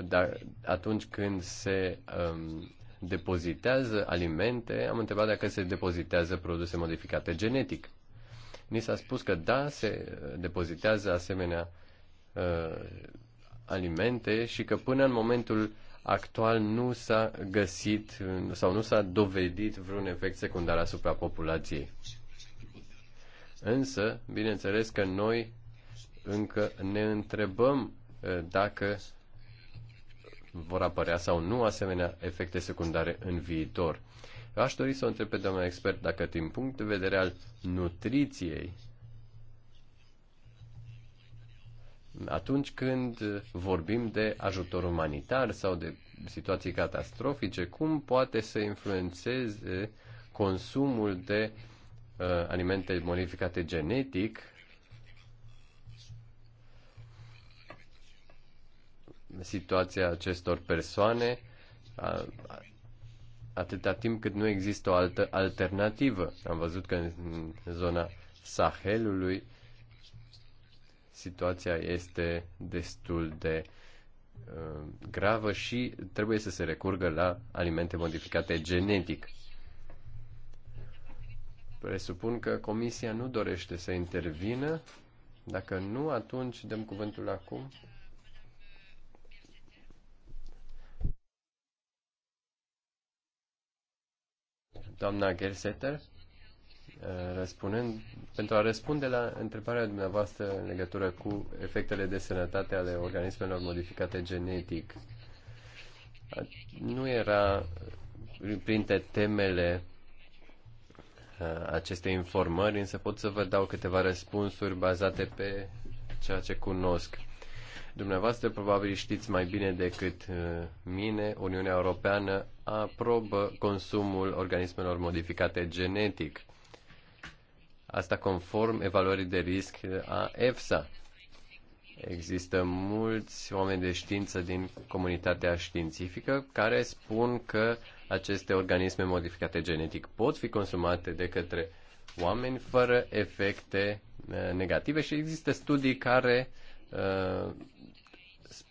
dar atunci când se um, depozitează alimente, am întrebat dacă se depozitează produse modificate genetic. Ni s-a spus că da, se depozitează asemenea uh, alimente și că până în momentul actual nu s-a găsit sau nu s-a dovedit vreun efect secundar asupra populației. Însă, bineînțeles că noi încă ne întrebăm uh, dacă vor apărea sau nu asemenea efecte secundare în viitor. Eu aș dori să o întreb pe doamna expert dacă din punct de vedere al nutriției, atunci când vorbim de ajutor umanitar sau de situații catastrofice, cum poate să influențeze consumul de uh, alimente modificate genetic situația acestor persoane, atâta timp cât nu există o altă alternativă. Am văzut că în zona Sahelului situația este destul de uh, gravă și trebuie să se recurgă la alimente modificate genetic. Presupun că Comisia nu dorește să intervină. Dacă nu, atunci dăm cuvântul acum doamna Gersetter, uh, răspunând, pentru a răspunde la întrebarea dumneavoastră în legătură cu efectele de sănătate ale organismelor modificate genetic. Nu era printre temele uh, acestei informări, însă pot să vă dau câteva răspunsuri bazate pe ceea ce cunosc. Dumneavoastră probabil știți mai bine decât uh, mine, Uniunea Europeană aprobă consumul organismelor modificate genetic. Asta conform evaluării de risc uh, a EFSA. Există mulți oameni de știință din comunitatea științifică care spun că aceste organisme modificate genetic pot fi consumate de către oameni fără efecte uh, negative și există studii care uh,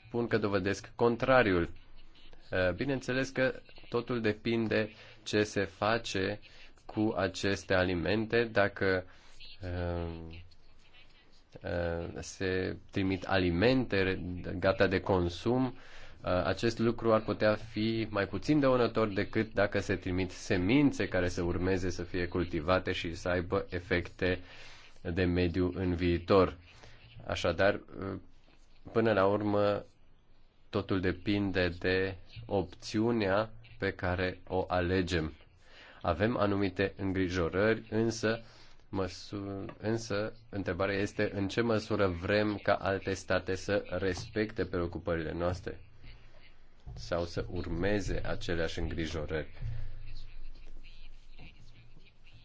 spun că dovedesc contrariul. Eh, bineînțeles că totul depinde ce se face cu aceste alimente, dacă eh, eh, se trimit alimente gata de consum, acest lucru ar putea fi mai puțin dăunător decât dacă se trimit semințe care să urmeze să fie cultivate și să aibă efecte de mediu în viitor. Așadar, până la urmă, Totul depinde de opțiunea pe care o alegem. Avem anumite îngrijorări, însă, măsur, însă întrebarea este în ce măsură vrem ca alte state să respecte preocupările noastre sau să urmeze aceleași îngrijorări.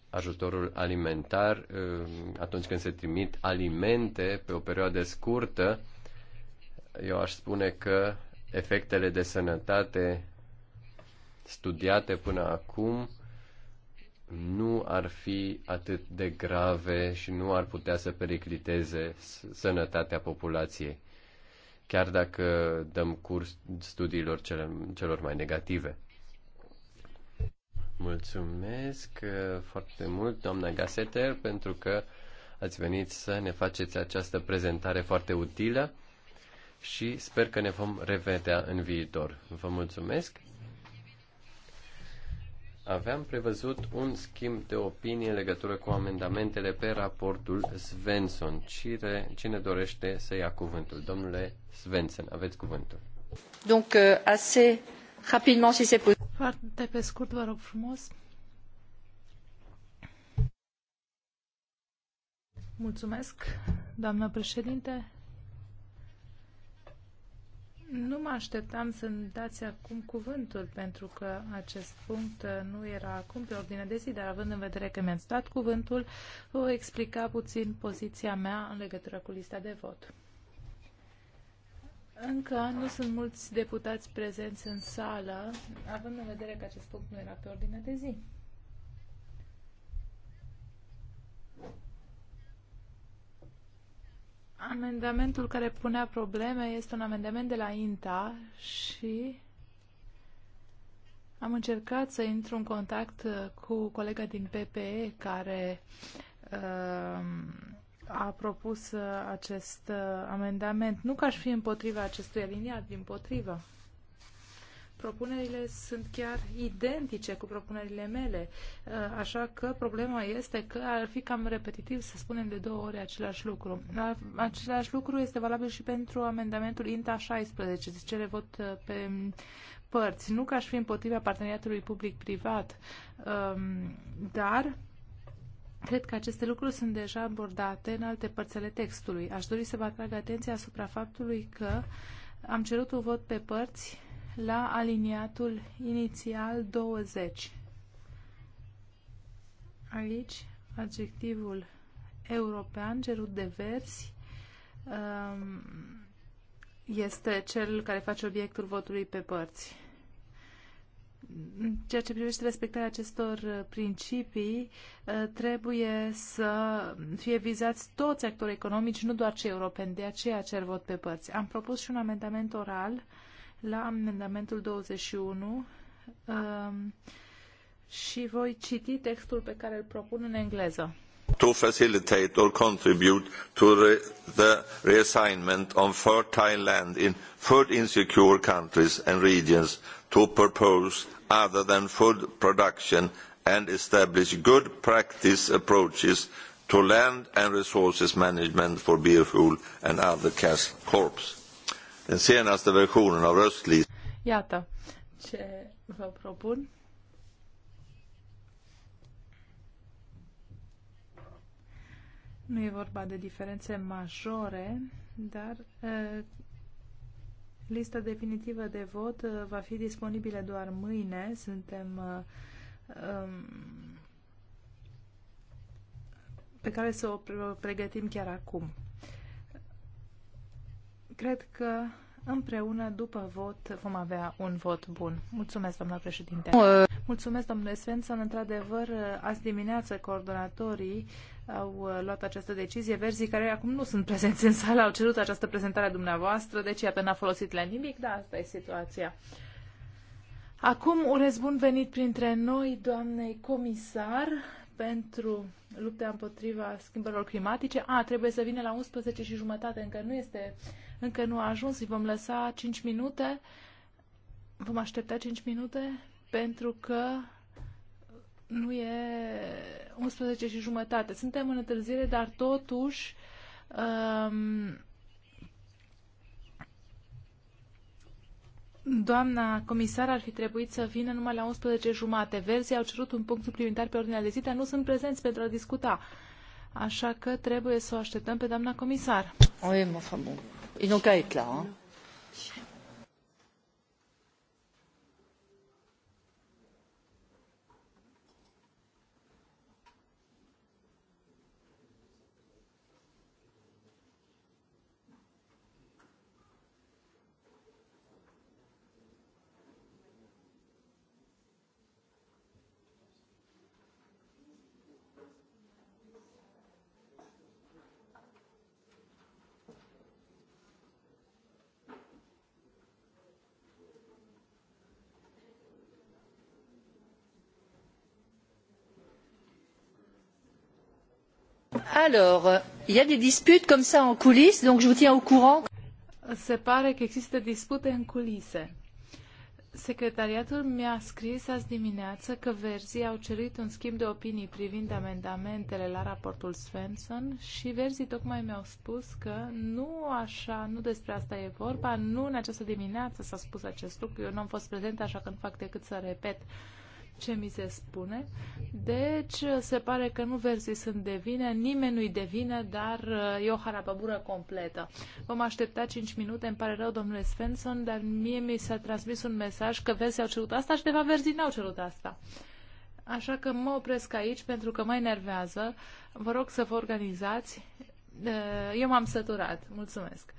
Ajutorul alimentar, ă, atunci când se trimit alimente pe o perioadă scurtă, eu aș spune că efectele de sănătate studiate până acum nu ar fi atât de grave și nu ar putea să pericliteze sănătatea populației, chiar dacă dăm curs studiilor celor mai negative. Mulțumesc uh, foarte mult, doamna Gaseter, pentru că ați venit să ne faceți această prezentare foarte utilă și sper că ne vom revedea în viitor. Vă mulțumesc. Aveam prevăzut un schimb de opinie în legătură cu amendamentele pe raportul Svensson. Cine, cine dorește să ia cuvântul? Domnule Svensson, aveți cuvântul. Donc, euh, assez rapidement, si c'est possible. Foarte pe scurt, vă rog frumos. Mulțumesc, doamnă președinte. Nu mă așteptam să-mi dați acum cuvântul, pentru că acest punct uh, nu era acum pe ordine de zi, dar având în vedere că mi-ați dat cuvântul, voi explica puțin poziția mea în legătură cu lista de vot. Încă nu sunt mulți deputați prezenți în sală, având în vedere că acest punct nu era pe ordine de zi. Amendamentul care punea probleme este un amendament de la INTA și am încercat să intru în contact uh, cu colega din PPE care uh, a propus uh, acest uh, amendament. Nu că aș fi împotriva acestui liniat, din potrivă propunerile sunt chiar identice cu propunerile mele, uh, așa că problema este că ar fi cam repetitiv să spunem de două ori același lucru. Același lucru este valabil și pentru amendamentul INTA 16, se cere vot uh, pe părți. Nu că aș fi împotriva parteneriatului public-privat, um, dar Cred că aceste lucruri sunt deja abordate în alte părțile textului. Aș dori să vă atrag atenția asupra faptului că am cerut un vot pe părți la aliniatul inițial 20. Aici, adjectivul european cerut de versi um, este cel care face obiectul votului pe părți. ceea ce privește respectarea acestor principii, uh, trebuie să fie vizați toți actorii economici, nu doar cei europeni, de aceea cer vot pe părți. Am propus și un amendament oral uh, la amendamentul 21 um, și voi citi textul pe care îl propun în engleză. To facilitate or contribute to re the reassignment on fertile land in food insecure countries and regions to propose other than food production and establish good practice approaches to land and resources management for biofuel and other cash crops. Den senaste versionen av röstlistan. Iată ce vă propun. Nu e vorba de diferențe majore, dar uh, lista definitivă de vot uh, va fi disponibilă doar mâine. Suntem uh, um, pe care să o pregătim chiar acum. Cred că împreună, după vot, vom avea un vot bun. Mulțumesc, doamna președinte. Mulțumesc, domnule Svensson. Într-adevăr, azi dimineață coordonatorii au luat această decizie. Verzii care acum nu sunt prezenți în sală au cerut această prezentare a dumneavoastră, deci iată, n-a folosit la nimic, dar asta e situația. Acum urez bun venit printre noi doamnei comisar pentru lupta împotriva schimbărilor climatice. A, trebuie să vină la 11 și jumătate, încă nu este încă nu a ajuns, îi vom lăsa 5 minute, vom aștepta 5 minute pentru că nu e 11 și jumătate. Suntem în întârziere, dar totuși um, Doamna comisar ar fi trebuit să vină numai la 11 jumate. Verzii au cerut un punct suplimentar pe ordinea de zi, dar nu sunt prezenți pentru a discuta. Așa că trebuie să o așteptăm pe doamna comisar. O e, mă, Ils n'ont qu'à être là. Hein. Alors, il y a des disputes comme ça en coulisses, donc je vous tiens au courant. Se pare că există dispute în culise. Secretariatul mi-a scris azi dimineață că verzii au cerut un schimb de opinii privind amendamentele la raportul Svensson și verzii tocmai mi-au spus că nu așa, nu despre asta e vorba, nu în această dimineață s-a spus acest lucru, eu nu am fost prezent așa că nu fac decât să repet uh, ce mi se spune. Deci, se pare că nu versii sunt de vină, nimeni nu-i de vină, dar e o harapabură completă. Vom aștepta 5 minute, îmi pare rău, domnule Svensson, dar mie mi s-a transmis un mesaj că versii au cerut asta și, de fapt, versii n-au cerut asta. Așa că mă opresc aici pentru că mă enervează. Vă rog să vă organizați. Eu m-am săturat. Mulțumesc.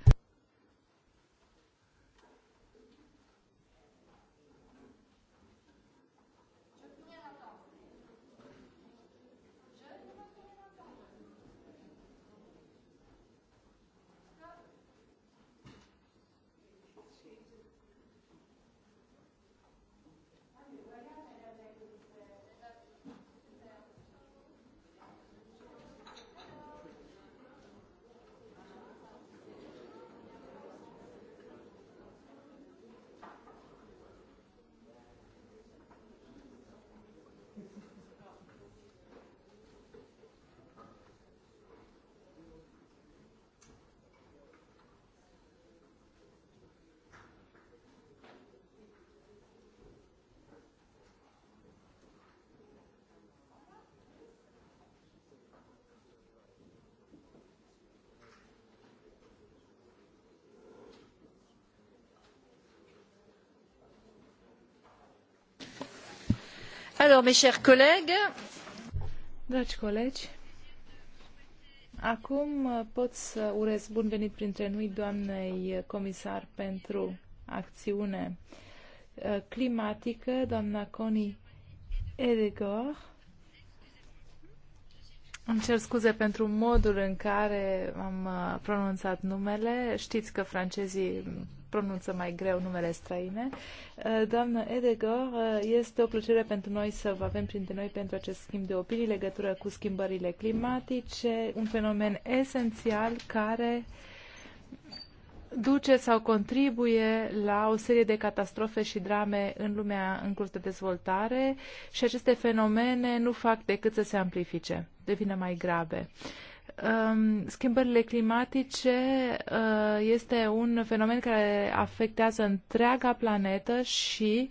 Alors, mes chers collègues, Dragi colegi, acum pot să urez bun venit printre noi doamnei comisar pentru acțiune uh, climatică, doamna Connie Edegor. Îmi cer scuze pentru modul în care am uh, pronunțat numele. Știți că francezii pronunță mai greu numele străine. Uh, doamnă Edegor, uh, este o plăcere pentru noi să vă avem printre noi pentru acest schimb de opinii legătură cu schimbările climatice, un fenomen esențial care duce sau contribuie la o serie de catastrofe și drame în lumea în curs de dezvoltare și aceste fenomene nu fac decât să se amplifice, devină mai grave. Um, schimbările climatice uh, este un fenomen care afectează întreaga planetă și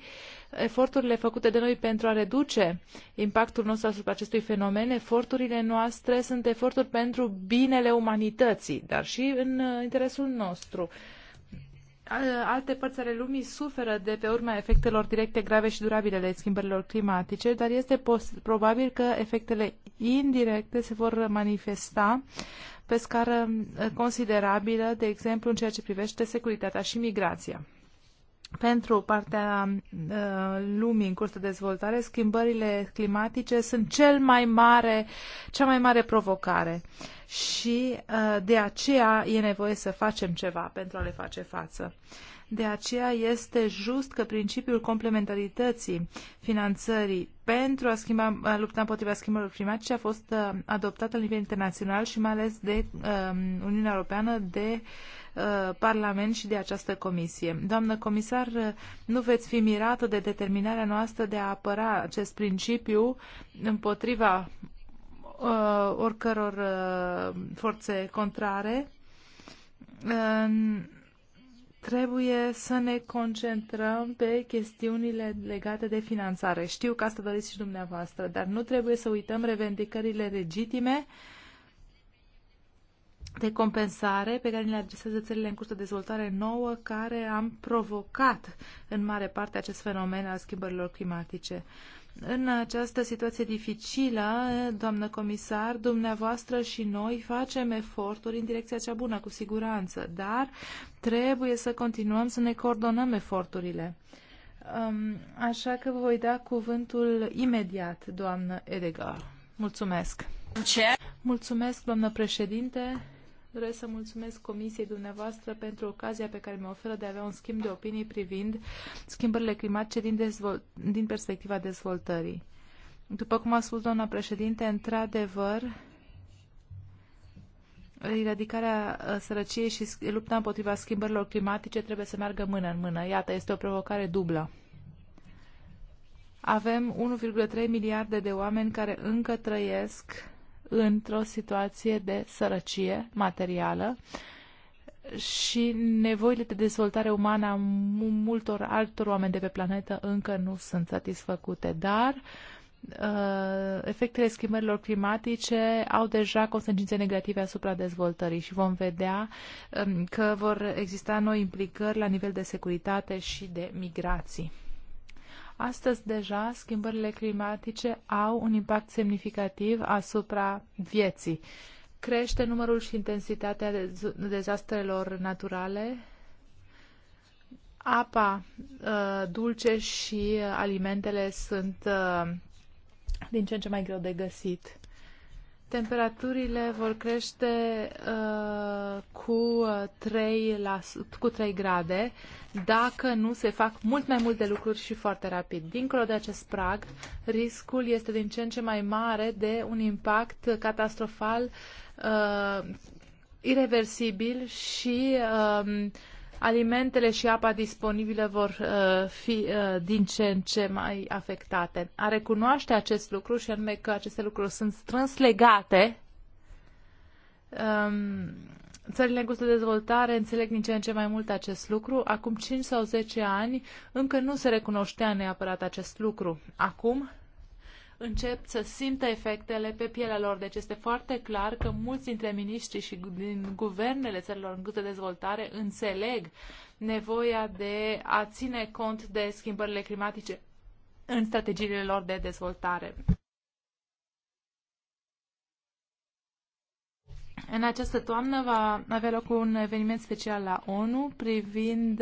eforturile făcute de noi pentru a reduce impactul nostru asupra acestui fenomen, eforturile noastre sunt eforturi pentru binele umanității, dar și în uh, interesul nostru. Uh, alte părți ale lumii suferă de pe urma efectelor directe grave și durabile ale schimbărilor climatice, dar este probabil că efectele indirecte se vor manifesta pe scară eh, considerabilă, de exemplu în ceea ce privește securitatea și migrația pentru partea uh, lumii în curs de dezvoltare, schimbările climatice sunt cel mai mare, cea mai mare provocare și uh, de aceea e nevoie să facem ceva pentru a le face față. De aceea este just că principiul complementarității finanțării pentru a, schimba, a lupta împotriva schimbărilor climatice a fost uh, adoptat la nivel internațional și mai ales de um, Uniunea Europeană de uh, Uh, Parlament și de această comisie. Doamnă comisar, uh, nu veți fi mirată de determinarea noastră de a apăra acest principiu împotriva uh, oricăror uh, forțe contrare. Uh, trebuie să ne concentrăm pe chestiunile legate de finanțare. Știu că asta doriți și dumneavoastră, dar nu trebuie să uităm revendicările legitime uh, de compensare pe care le adresează țările în curs de dezvoltare nouă, care am provocat în mare parte acest fenomen al schimbărilor climatice. În această situație dificilă, doamnă comisar, dumneavoastră și noi facem eforturi în direcția cea bună, cu siguranță, dar trebuie să continuăm să ne coordonăm eforturile. Um, așa că vă voi da cuvântul imediat, doamnă Edegar. Mulțumesc! Ce? Mulțumesc, doamnă președinte! Doresc să mulțumesc Comisiei dumneavoastră pentru ocazia pe care mi-o oferă de a avea un schimb de opinii privind schimbările climatice din, dezvol- din perspectiva dezvoltării. După cum a spus doamna președinte, într-adevăr, eradicarea ă, sărăciei și lupta împotriva schimbărilor climatice trebuie să meargă mână în mână. Iată, este o provocare dublă. Avem 1,3 miliarde de oameni care încă trăiesc într-o situație de sărăcie materială și nevoile de dezvoltare umană a multor altor oameni de pe planetă încă nu sunt satisfăcute, dar uh, efectele schimbărilor climatice au deja consecințe negative asupra dezvoltării și vom vedea um, că vor exista noi implicări la nivel de securitate și de migrații. Astăzi deja schimbările climatice au un impact semnificativ asupra vieții. Crește numărul și intensitatea dezastrelor naturale, apa uh, dulce și uh, alimentele sunt uh, din ce în ce mai greu de găsit. Temperaturile vor crește uh, cu, 3 uh, la, cu 3 grade dacă nu se fac mult mai multe lucruri și foarte rapid. Dincolo de acest prag, riscul este din ce în ce mai mare de un impact catastrofal, uh, irreversibil și uh, alimentele și apa disponibile vor uh, fi uh, din ce în ce mai afectate. A recunoaște acest lucru și anume că aceste lucruri sunt strâns legate. Um, țările în curs de dezvoltare înțeleg din ce în ce mai mult acest lucru. Acum 5 sau 10 ani încă nu se recunoștea neapărat acest lucru. Acum încep să simtă efectele pe pielea lor. Deci este foarte clar că mulți dintre miniștrii și din guvernele țărilor în curs de dezvoltare înțeleg nevoia de a ține cont de schimbările climatice în strategiile lor de dezvoltare. În această toamnă va avea loc un eveniment special la ONU privind,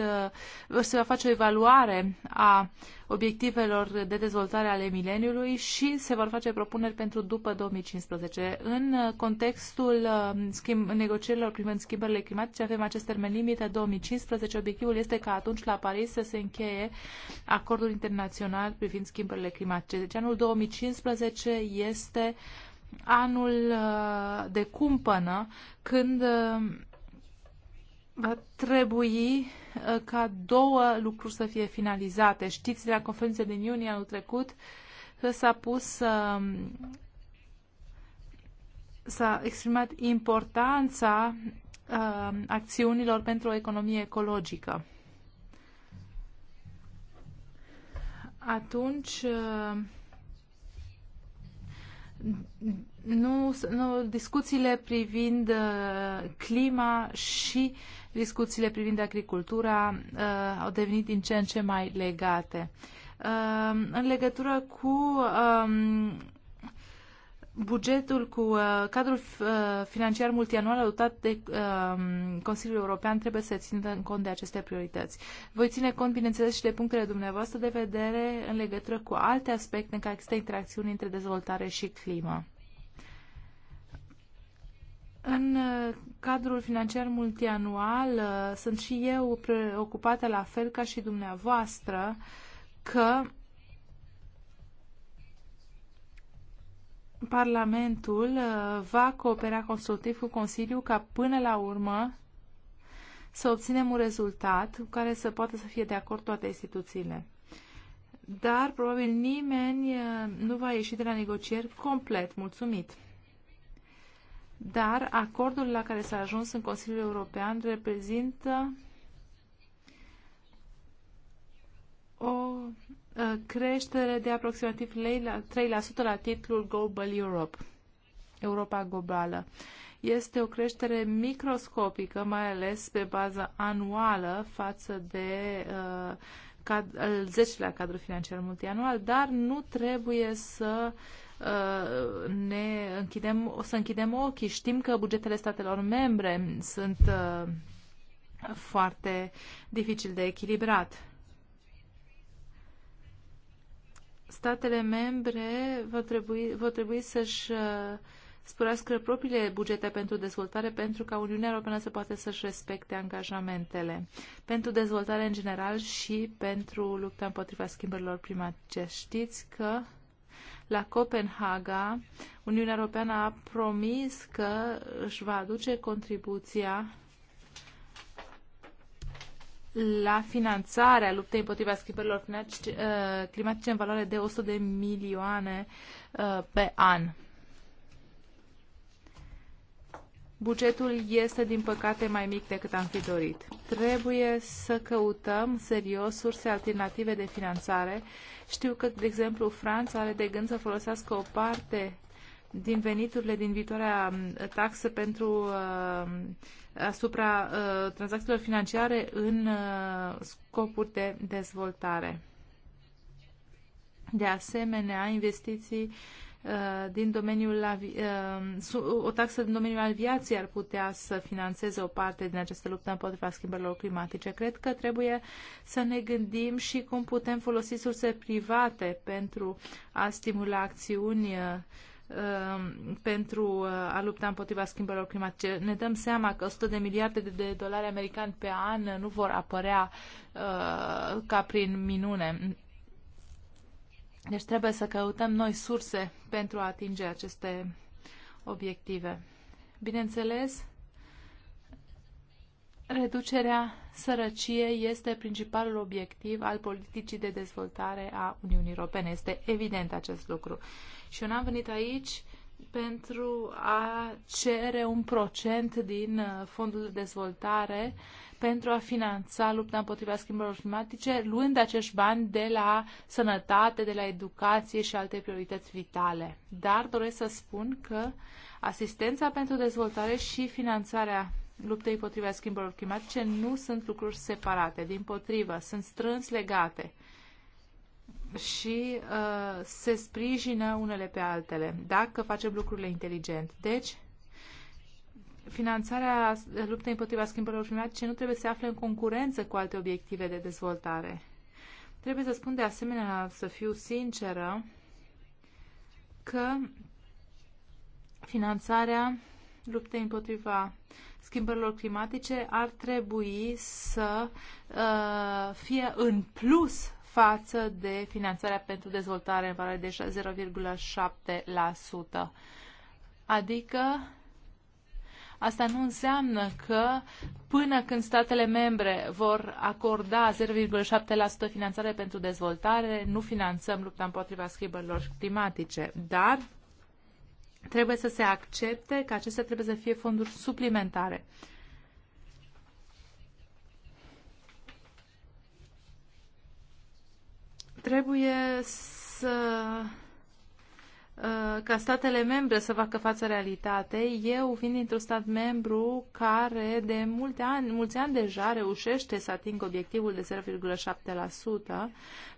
uh, se va face o evaluare a obiectivelor de dezvoltare ale mileniului și se vor face propuneri pentru după 2015. În uh, contextul uh, schimb, negocierilor privind schimbările climatice avem acest termen limită 2015. Obiectivul este ca atunci la Paris să se încheie acordul internațional privind schimbările climatice. Deci anul 2015 este uh, anul uh, de cumpănă, când uh, va trebui uh, ca două lucruri să fie finalizate. Știți, de la conferința din iunie anul trecut s-a pus um, s-a exprimat importanța um, acțiunilor pentru o economie ecologică. Atunci nu, nu, discuțiile privind uh, clima și discuțiile privind agricultura uh, au devenit din ce în ce mai legate. Uh, în legătură cu uh, bugetul cu uh, cadrul uh, financiar multianual adoptat de uh, Consiliul European trebuie să țină în cont de aceste priorități. Voi ține cont, bineînțeles, și de punctele dumneavoastră de vedere în legătură cu alte aspecte în care există interacțiuni între dezvoltare și climă. În uh, cadrul financiar multianual uh, sunt și eu preocupată la fel ca și dumneavoastră că Parlamentul uh, va coopera constructiv cu Consiliul ca până la urmă să obținem un rezultat cu care să poată să fie de acord toate instituțiile. Dar probabil nimeni uh, nu va ieși de la negocieri complet mulțumit. Dar acordul la care s-a ajuns în Consiliul European reprezintă o Uh, creștere de aproximativ 3% la titlul Global Europe, Europa Globală. Este o creștere microscopică, mai ales pe bază anuală față de uh, 10-lea cadru financiar multianual, dar nu trebuie să uh, ne închidem, să închidem ochii. Știm că bugetele statelor membre sunt uh, foarte dificil de echilibrat statele membre vor trebui, vor trebui să-și uh, spurească propriile bugete pentru dezvoltare pentru ca Uniunea Europeană să poată să-și respecte angajamentele pentru dezvoltare în general și pentru lupta împotriva schimbărilor climatice. Știți că la Copenhaga Uniunea Europeană a promis că își va aduce contribuția la finanțarea luptei împotriva schimbărilor climatice uh, în valoare de 100 de milioane uh, pe an. Bugetul este, din păcate, mai mic decât am fi dorit. Trebuie să căutăm serios surse alternative de finanțare. Știu că, de exemplu, Franța are de gând să folosească o parte din veniturile din viitoarea taxă pentru uh, asupra uh, tranzacțiilor financiare în uh, scopuri de dezvoltare. De asemenea, investiții din domeniul o taxă din domeniul aviației ar putea să financeze o parte din această luptă împotriva schimbărilor climatice. Cred că trebuie să ne gândim și cum putem folosi surse private pentru a stimula acțiuni Um, pentru uh, a lupta împotriva schimbărilor climatice. Ne dăm seama că 100 de miliarde de dolari americani pe an nu vor apărea uh, ca prin minune. Deci trebuie să căutăm noi surse pentru a atinge aceste obiective. Bineînțeles, Reducerea sărăciei este principalul obiectiv al politicii de dezvoltare a Uniunii Europene. Este evident acest lucru. Și eu n-am venit aici pentru a cere un procent din uh, fondul de dezvoltare pentru a finanța lupta împotriva schimbărilor climatice, luând acești bani de la sănătate, de la educație și alte priorități vitale. Dar doresc să spun că asistența pentru dezvoltare și finanțarea luptei împotriva schimbărilor climatice nu sunt lucruri separate, din potrivă, sunt strâns legate și uh, se sprijină unele pe altele, dacă facem lucrurile inteligent. Deci, finanțarea luptei împotriva schimbărilor climatice nu trebuie să se afle în concurență cu alte obiective de dezvoltare. Trebuie să spun de asemenea, să fiu sinceră, că finanțarea luptei împotriva schimbărilor climatice ar trebui să uh, fie în plus față de finanțarea pentru dezvoltare în valoare de 0,7%. Adică Asta nu înseamnă că până când statele membre vor acorda 0,7% finanțare pentru dezvoltare, nu finanțăm lupta împotriva schimbărilor climatice. Dar trebuie să se accepte că acestea trebuie să fie fonduri suplimentare. Trebuie să Uh, ca statele membre să facă față realitatei. Eu vin dintr-un stat membru care de multe ani, mulți ani deja reușește să atingă obiectivul de 0,7%,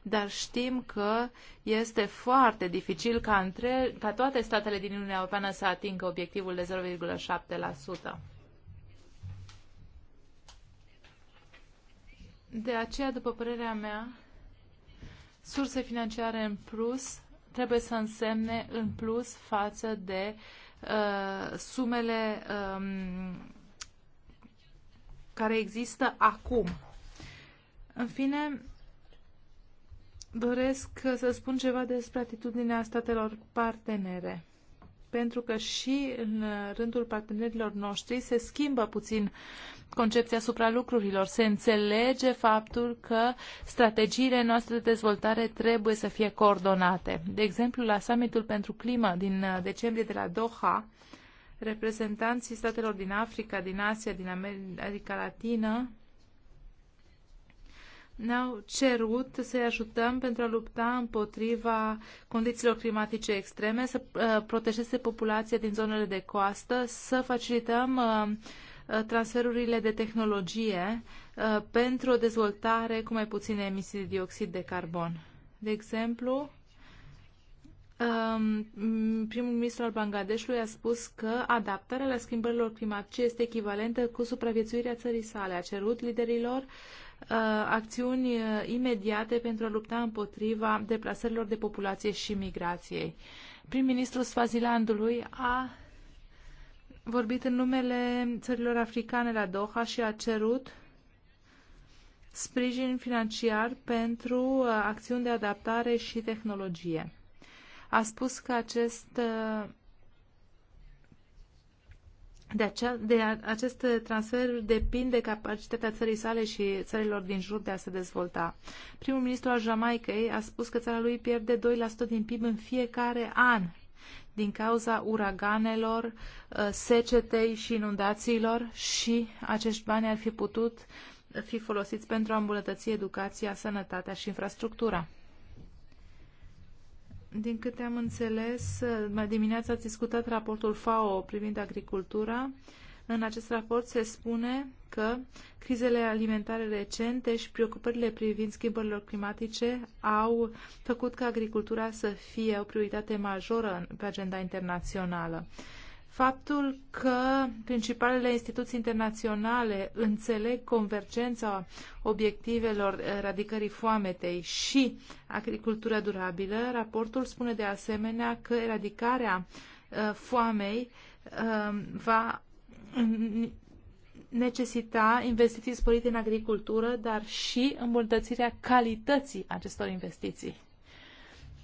dar știm că este foarte dificil ca, între, ca toate statele din Uniunea Europeană să atingă obiectivul de 0,7%. De aceea, după părerea mea, surse financiare în plus trebuie să însemne în plus față de uh, sumele um, care există acum. În fine, doresc să spun ceva despre atitudinea statelor partenere pentru că și în rândul partenerilor noștri se schimbă puțin concepția asupra lucrurilor. Se înțelege faptul că strategiile noastre de dezvoltare trebuie să fie coordonate. De exemplu, la summitul pentru climă din decembrie de la Doha, reprezentanții statelor din Africa, din Asia, din America Latină ne-au cerut să-i ajutăm pentru a lupta împotriva condițiilor climatice extreme, să uh, protejeze populația din zonele de coastă, să facilităm uh, uh, transferurile de tehnologie pentru o dezvoltare cu mai puține emisii de dioxid de carbon. De exemplu, um, primul ministru al Bangladeshului a spus că adaptarea la schimbărilor climatice este echivalentă cu supraviețuirea țării sale. A cerut liderilor Uh, acțiuni uh, imediate pentru a lupta împotriva deplasărilor de populație și migrației. Prim-ministrul Swazilandului a vorbit în numele țărilor africane la Doha și a cerut sprijin financiar pentru uh, acțiuni de adaptare și tehnologie. A spus că acest de, acea, de a, acest transfer depinde capacitatea țării sale și țărilor din jur de a se dezvolta. Primul ministru al Jamaicei a spus că țara lui pierde 2% din PIB în fiecare an din cauza uraganelor, uh, secetei și inundațiilor și acești bani ar fi putut fi folosiți pentru a îmbunătăți educația, sănătatea și infrastructura. Din câte am înțeles, mai dimineața ați discutat raportul FAO privind agricultura. În acest raport se spune că crizele alimentare recente și preocupările privind schimbările climatice au făcut ca agricultura să fie o prioritate majoră pe agenda internațională faptul că principalele instituții internaționale înțeleg convergența obiectivelor eradicării foametei și agricultura durabilă, raportul spune de asemenea că eradicarea uh, foamei um, va necesita investiții sporite în agricultură, dar și îmbunătățirea calității acestor investiții.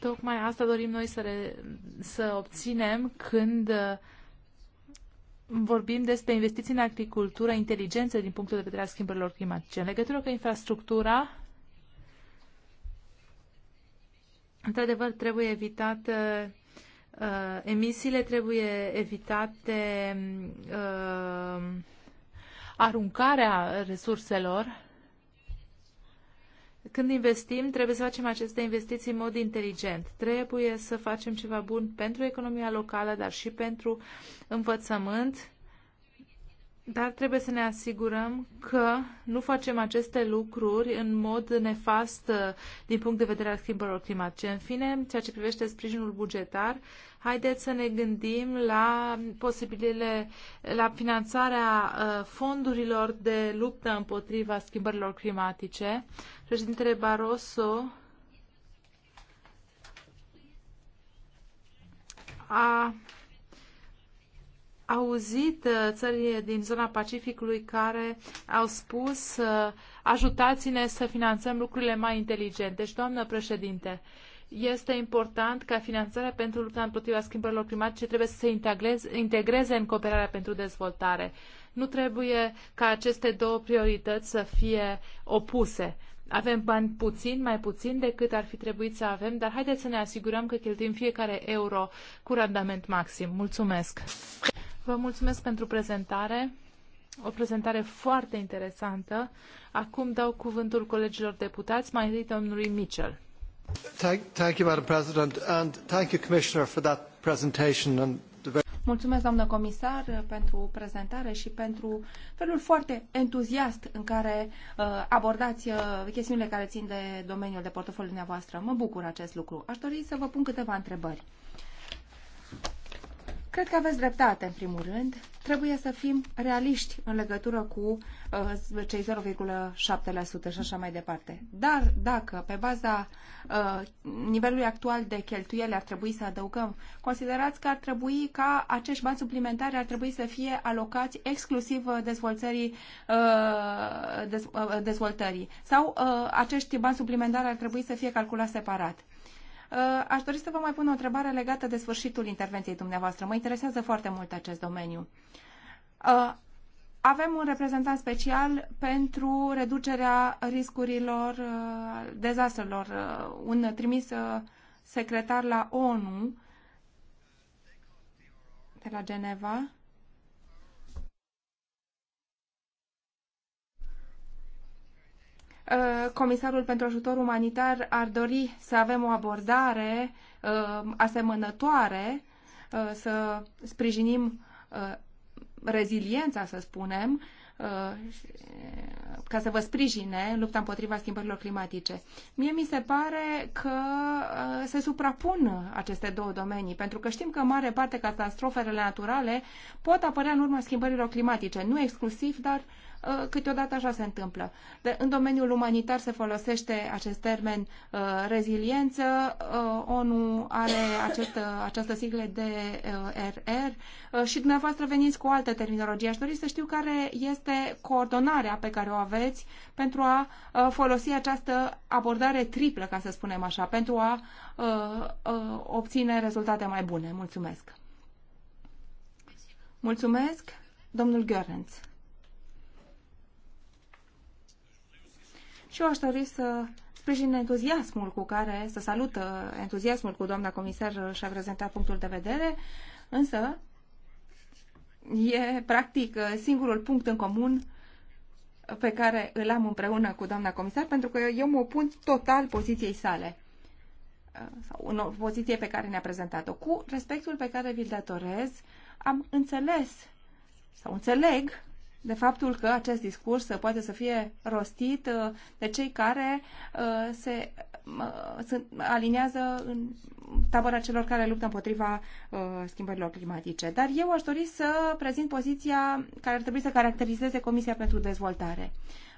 Tocmai asta dorim noi să, re, să obținem când uh, vorbim despre investiții în agricultură inteligență din punctul de vedere al schimbărilor climatice. În legătură cu infrastructura, într-adevăr, trebuie evitat uh, emisiile, trebuie evitate uh, aruncarea resurselor când investim, trebuie să facem aceste investiții în mod inteligent. Trebuie să facem ceva bun pentru economia locală, dar și pentru învățământ, dar trebuie să ne asigurăm că nu facem aceste lucruri în mod nefast uh, din punct de vedere al schimbărilor climatice. În fine, ceea ce privește sprijinul bugetar, haideți să ne gândim la posibilile, la finanțarea uh, fondurilor de luptă împotriva schimbărilor climatice. Președintele Barroso a auzit uh, țări din zona Pacificului care au spus uh, ajutați-ne să finanțăm lucrurile mai inteligente. Deci, doamnă președinte, este important ca finanțarea pentru lupta împotriva schimbărilor climatice trebuie să se integreze, integreze în cooperarea pentru dezvoltare. Nu trebuie ca aceste două priorități să fie opuse. Avem bani puțin, mai puțin decât ar fi trebuit să avem, dar haideți să ne asigurăm că cheltuim fiecare euro cu randament maxim. Mulțumesc! Vă mulțumesc pentru prezentare, o prezentare foarte interesantă. Acum dau cuvântul colegilor deputați, mai întâi domnului Mitchell. Thank, you, Madam President, and thank you, Commissioner, for that presentation and Mulțumesc, doamnă comisar, pentru prezentare și pentru felul foarte entuziast în care uh, abordați uh, chestiunile care țin de domeniul de portofoliu dumneavoastră. Mă bucur acest lucru. Aș dori să vă pun câteva întrebări. Cred că aveți dreptate, în primul rând. Trebuie să fim realiști în legătură cu uh, cei 0,7% și așa mai departe. Dar dacă pe baza uh, nivelului actual de cheltuieli ar trebui să adăugăm, considerați că ar trebui ca acești bani suplimentari ar trebui să fie alocați exclusiv uh, dezvoltării, uh, dez, uh, dezvoltării. Sau uh, acești bani suplimentari ar trebui să fie calculați separat. Uh, aș dori să vă mai pun o întrebare legată de sfârșitul intervenției dumneavoastră. Mă interesează foarte mult acest domeniu. Uh, avem un reprezentant special pentru reducerea riscurilor uh, dezastrelor, un trimis secretar la ONU de la Geneva Uh, comisarul pentru ajutor umanitar ar dori să avem o abordare uh, asemănătoare, uh, să sprijinim reziliența, să spunem, ca să vă sprijine lupta împotriva schimbărilor climatice. Mie mi se pare că se suprapun aceste două domenii, pentru că știm că mare parte catastrofele naturale pot apărea în urma schimbărilor climatice, nu exclusiv, dar uh, Uh, câteodată așa se întâmplă. De, în domeniul umanitar se folosește acest termen uh, reziliență. Uh, ONU are acest, uh, această sigle de uh, RR uh, și dumneavoastră veniți cu altă terminologie. Aș dori să știu care este coordonarea pe care o aveți pentru a uh, folosi această abordare triplă, ca să spunem așa, pentru a uh, uh, obține rezultate mai bune. Mulțumesc! Mulțumesc, domnul Görens. și eu aș dori să sprijin entuziasmul cu care, să salut uh, entuziasmul cu doamna comisar și-a prezentat punctul de vedere, însă e practic uh, singurul punct în comun pe care îl am împreună cu doamna comisar, pentru că eu mă opun total poziției sale uh, sau în o poziție pe care ne-a prezentat-o. Cu respectul pe care vi-l datorez, am înțeles sau înțeleg de faptul că acest discurs uh, poate să fie rostit uh, de cei care uh, se sunt, alinează în tabăra celor care luptă împotriva schimbărilor climatice. Dar eu aș dori să prezint poziția care ar trebui să caracterizeze Comisia pentru Dezvoltare.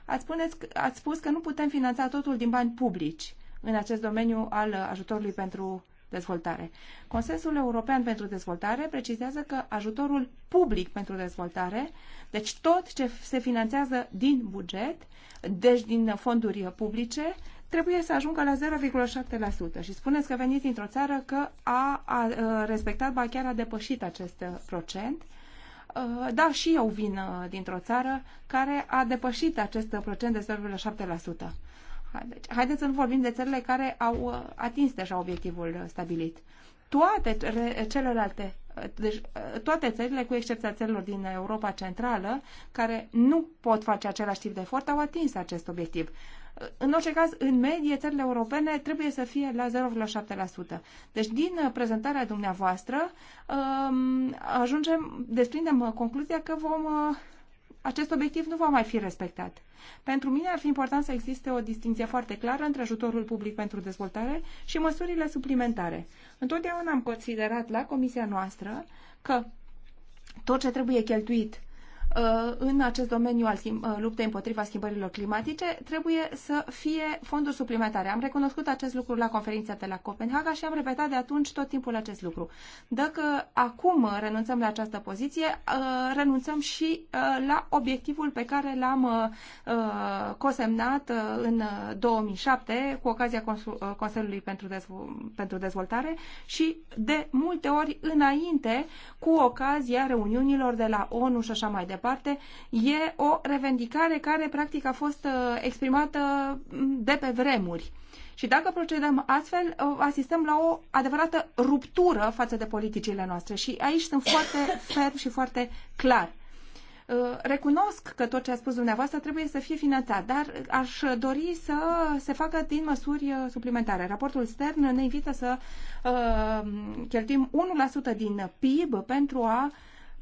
Ați, spuneți, ați spus că nu putem finanța totul din bani publici în acest domeniu al ajutorului pentru dezvoltare. Consensul European pentru Dezvoltare precizează că ajutorul public pentru dezvoltare, deci tot ce se finanțează din buget, deci din fonduri publice, trebuie să ajungă la 0,7% și spuneți că veniți dintr-o țară că a, a respectat, ba chiar a depășit acest uh, procent. Uh, da, și eu vin uh, dintr-o țară care a depășit acest procent de 0,7%. Deci, haideți să nu vorbim de țările care au uh, atins deja obiectivul stabilit. Toate celelalte, uh, deci uh, toate țările, cu excepția țărilor din Europa Centrală, care nu pot face același tip de efort, au atins acest obiectiv. În orice caz, în medie, țările europene trebuie să fie la 0,7%. Deci, din prezentarea dumneavoastră, um, ajungem, desprindem concluzia că vom acest obiectiv nu va mai fi respectat. Pentru mine ar fi important să existe o distinție foarte clară între ajutorul public pentru dezvoltare și măsurile suplimentare. Întotdeauna am considerat la comisia noastră că tot ce trebuie cheltuit Uh, în acest domeniu al uh, luptei împotriva schimbărilor climatice trebuie să fie fonduri suplimentare. Am recunoscut acest lucru la conferința de la Copenhaga și am repetat de atunci tot timpul acest lucru. Dacă acum renunțăm la această poziție, uh, renunțăm și la obiectivul pe care l-am cosemnat în 2007 cu ocazia Consiliului pentru, pentru Dezvoltare și de multe ori înainte cu ocazia reuniunilor de la ONU și așa mai departe departe, e o revendicare care practic a fost uh, exprimată mm, de pe vremuri. Și dacă procedăm astfel, uh, asistăm la o adevărată ruptură față de politicile noastre. Și aici sunt foarte ferm și foarte clar. Uh, recunosc că tot ce a spus dumneavoastră trebuie să fie finanțat, dar aș dori să se facă din măsuri suplimentare. Raportul Stern ne invită să uh, cheltuim 1% din PIB pentru a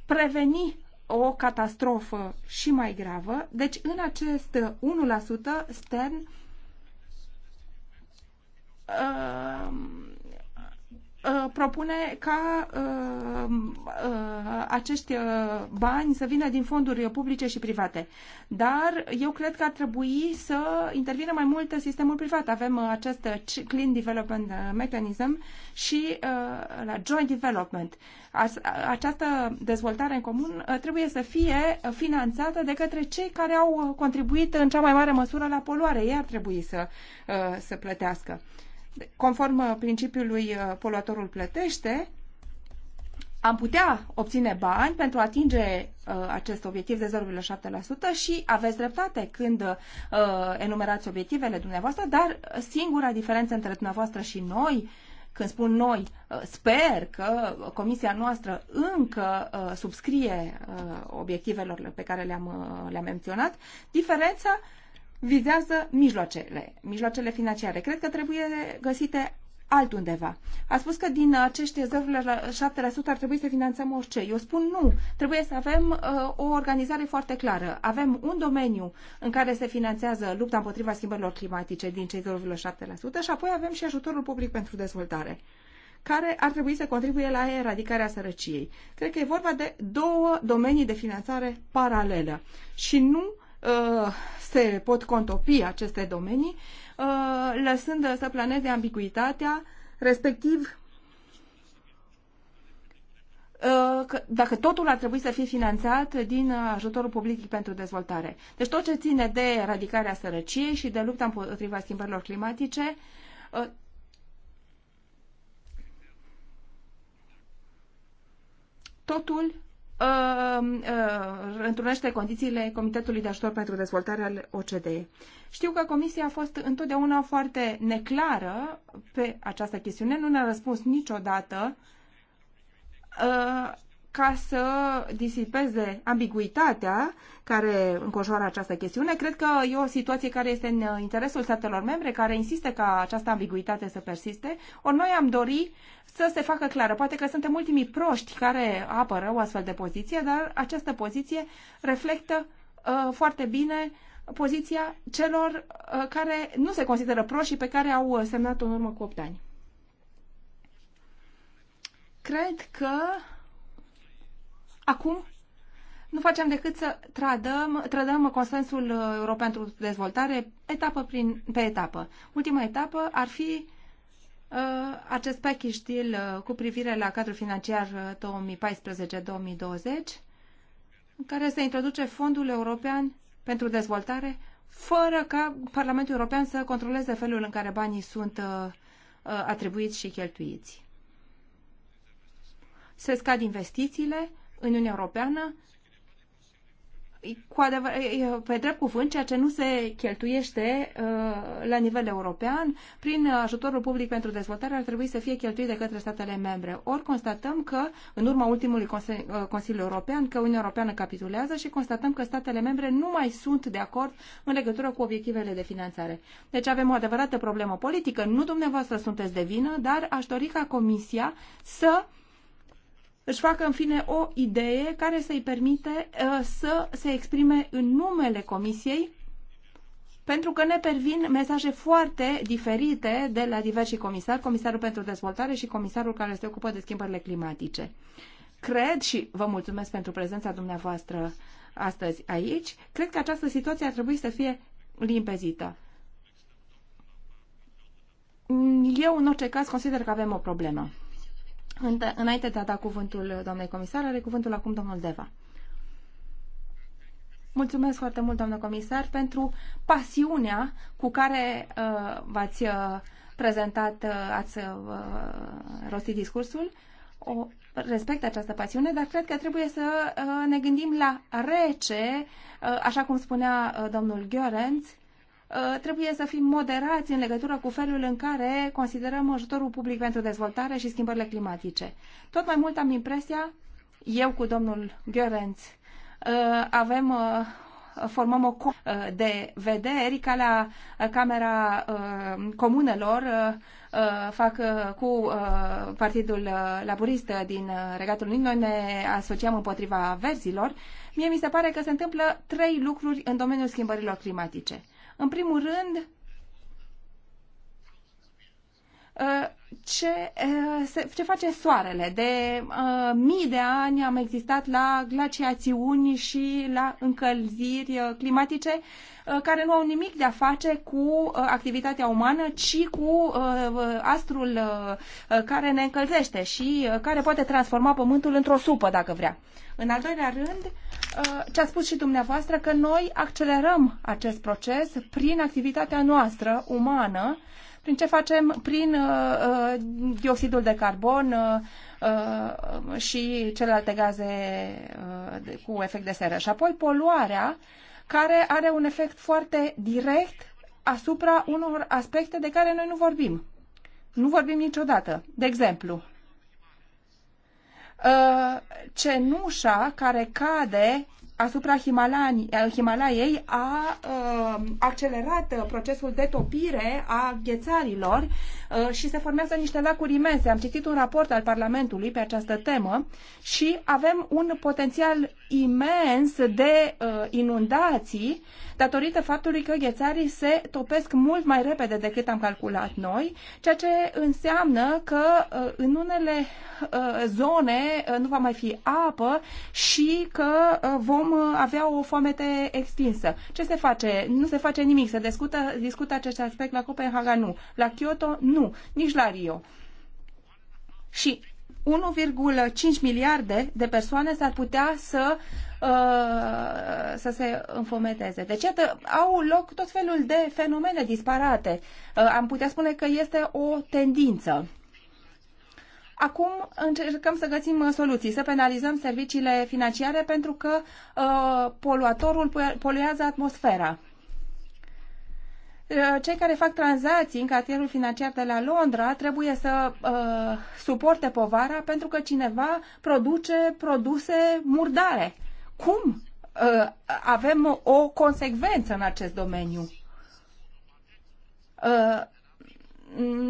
preveni o catastrofă și mai gravă. Deci, în acest 1%, Stern uh, Uh, propune ca uh, uh, acești uh, bani să vină din fonduri publice și private. Dar eu cred că ar trebui să intervină mai mult sistemul privat. Avem uh, acest uh, Clean Development uh, Mechanism și uh, la Joint Development. As, această dezvoltare în comun uh, trebuie să fie finanțată de către cei care au contribuit în cea mai mare măsură la poluare. Ei ar trebui să, uh, să plătească. Uh, Conform uh, principiului uh, poluatorul plătește, am putea obține bani pentru a atinge uh, acest obiectiv de 0,7% și aveți dreptate când uh, enumerați obiectivele dumneavoastră, dar singura diferență între dumneavoastră și noi, când spun noi, uh, sper că comisia noastră încă uh, subscrie uh, obiectivelor pe care le-am, uh, le-am menționat, diferența uh, vizează mijloacele, mijloacele financiare. Cred că trebuie găsite altundeva. A spus că din acești 0,7% ar trebui să finanțăm orice. Eu spun nu. Trebuie să avem uh, o organizare foarte clară. Avem un domeniu în care se finanțează lupta împotriva schimbărilor climatice din cei 0,7% și apoi avem și ajutorul public pentru dezvoltare care ar trebui să contribuie la eradicarea sărăciei. Cred că e vorba de două domenii de finanțare paralelă și nu uh, se pot contopi aceste domenii, uh, lăsând să planeze ambiguitatea, respectiv uh, dacă totul ar trebui să fie finanțat din uh, ajutorul public pentru dezvoltare. Deci tot ce ține de eradicarea sărăciei și de lupta împotriva schimbărilor climatice, totul Uh, uh, întrunește condițiile Comitetului de Ajutor pentru Dezvoltare al OCDE. Știu că Comisia a fost întotdeauna foarte neclară pe această chestiune, nu ne-a răspuns niciodată uh, ca să disipeze ambiguitatea care înconjoară această chestiune. Cred că e o situație care este în interesul statelor membre, care insistă ca această ambiguitate să persiste. Ori noi am dori să se facă clară. Poate că suntem ultimii proști care apără o astfel de poziție, dar această poziție reflectă uh, foarte bine poziția celor uh, care nu se consideră proști și pe care au semnat-o în urmă cu 8 ani. Cred că Acum nu facem decât să tradăm, trădăm consensul uh, european pentru dezvoltare etapă prin, pe etapă. Ultima etapă ar fi uh, acest package deal uh, cu privire la cadrul financiar uh, 2014-2020 care se introduce Fondul European pentru Dezvoltare, fără ca Parlamentul European să controleze felul în care banii sunt uh, uh atribuiți și cheltuiți. Se scad investițiile în Uniunea Europeană cu adevăr, pe drept cuvânt, ceea ce nu se cheltuiește uh, la nivel european, prin ajutorul public pentru dezvoltare ar trebui să fie cheltuit de către statele membre. Ori constatăm că, în urma ultimului Consili uh, Consiliu European, că Uniunea Europeană capitulează și constatăm că statele membre nu mai sunt de acord în legătură cu obiectivele de finanțare. Deci avem o adevărată problemă politică. Nu dumneavoastră sunteți de vină, dar aș dori ca Comisia să uh, își facă în fine o idee care să-i permite uh, să se exprime în numele Comisiei pentru că ne pervin mesaje foarte diferite de la diversi comisari, comisarul pentru dezvoltare și comisarul care se ocupă de schimbările climatice. Cred și vă mulțumesc pentru prezența dumneavoastră astăzi aici, cred că această situație ar trebui să fie limpezită. Eu, în orice caz, consider că avem o problemă. Înainte de a da cuvântul doamnei comisar, are cuvântul acum domnul Deva. Mulțumesc foarte mult, doamnă comisar, pentru pasiunea cu care uh, v-ați uh, prezentat, uh, ați uh, rostit discursul. O respect această pasiune, dar cred că trebuie să uh, ne gândim la rece, uh, așa cum spunea uh, domnul Gheorenț, Uh, trebuie să fim moderați în legătură cu felul în care considerăm ajutorul public pentru dezvoltare și schimbările climatice. Tot mai mult am impresia, eu cu domnul Görenț, uh, avem uh, formăm o de vederi ca la Camera Comunelor fac cu Partidul Laburist din Regatul Unit. Noi ne asociam împotriva verzilor. Mie mi se pare că se întâmplă trei lucruri în domeniul schimbărilor climatice. În primul rând, Uh, ce, uh, ce face soarele. De uh, mii de ani am existat la glaciațiuni și la încălziri climatice care nu au nimic de a face cu activitatea umană, ci cu astrul care ne încălzește și care poate transforma pământul într-o supă, dacă vrea. În al doilea rând, ce a spus și dumneavoastră, că noi accelerăm acest proces prin activitatea noastră umană, prin ce facem? Prin uh, uh dioxidul de carbon uh, uh, și celelalte gaze uh, cu efect de seră. Și apoi poluarea, care are un efect foarte direct asupra unor aspecte de care noi nu vorbim. Nu vorbim niciodată. De exemplu, uh, cenușa care cade asupra eh, Himalaiei a eh, accelerat eh, procesul de topire a ghețarilor Uh, și se formează niște lacuri imense. Am citit un raport al Parlamentului pe această temă și avem un potențial imens de uh, inundații datorită faptului că ghețarii se topesc mult mai repede decât am calculat noi, ceea ce înseamnă că uh, în unele zone nu va mai fi apă și că vom avea o foamete extinsă. Ce se face? Nu se face nimic. Se discută, discută acest aspect la Copenhaga? Nu. La Kyoto? Nu nu, nici la Rio. Și 1,5 miliarde de persoane s-ar putea să uh, să se înfometeze. Deci, iată, au loc tot felul de fenomene disparate. Uh, am putea spune că este o tendință. Acum încercăm să găsim soluții, să penalizăm serviciile financiare pentru că uh, poluatorul poluează atmosfera. Uh, cei care fac tranzacții în cartierul financiar de la Londra trebuie să uh, suporte povara pentru că cineva produce produse murdare. Cum uh, avem o consecvență în acest domeniu? Uh,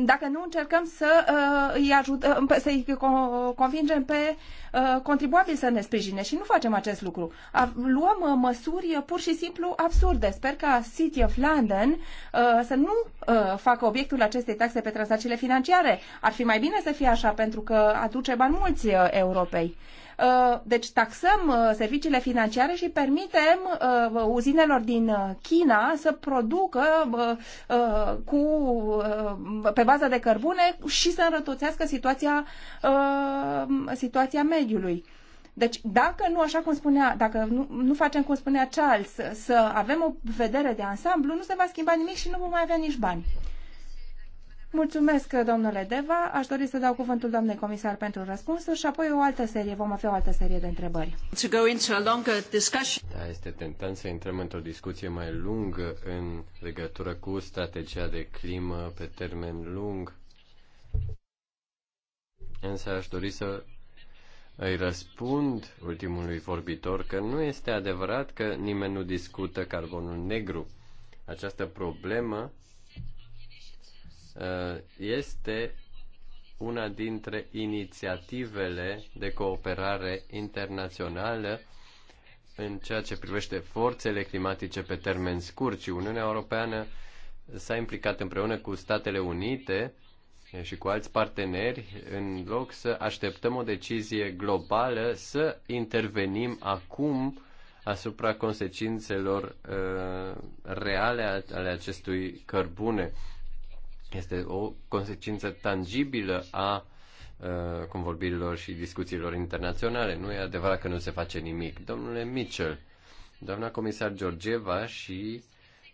dacă nu încercăm să uh, îi ajutăm, uh, să îi convingem pe uh, contribuabil să ne sprijine și nu facem acest lucru. A, luăm uh, măsuri uh, pur și simplu absurde. Sper ca City of London uh, să nu uh, facă obiectul acestei taxe pe tranzacțiile financiare. Ar fi mai bine să fie așa pentru că aduce bani mulți uh, europei. Uh, Uh, deci taxăm uh, serviciile financiare și permitem uh, uzinelor din China să producă cu, pe bază de cărbune și să înrătoțească situația, situația mediului. Deci, dacă nu, așa cum spunea, dacă nu, nu facem cum spunea Charles, să avem o vedere de ansamblu, nu se va schimba nimic și nu vom mai avea nici bani. Mulțumesc, domnule Deva. Aș dori să dau cuvântul doamnei comisar pentru răspunsuri și apoi o altă serie, vom avea o altă serie de întrebări. Da, este tentant să intrăm într-o discuție mai lungă în legătură cu strategia de climă pe termen lung. Însă aș dori să îi răspund ultimului vorbitor că nu este adevărat că nimeni nu discută carbonul negru. Această problemă Uh, este una dintre inițiativele de cooperare internațională în ceea ce privește forțele climatice pe termen scurt și Uniunea Europeană s-a implicat împreună cu Statele Unite și cu alți parteneri în loc să așteptăm o decizie globală să intervenim acum asupra consecințelor uh, reale ale acestui cărbune este o consecință tangibilă a uh, convorbirilor și discuțiilor internaționale. Nu e adevărat că nu se face nimic. Domnule Mitchell, doamna comisar Georgieva și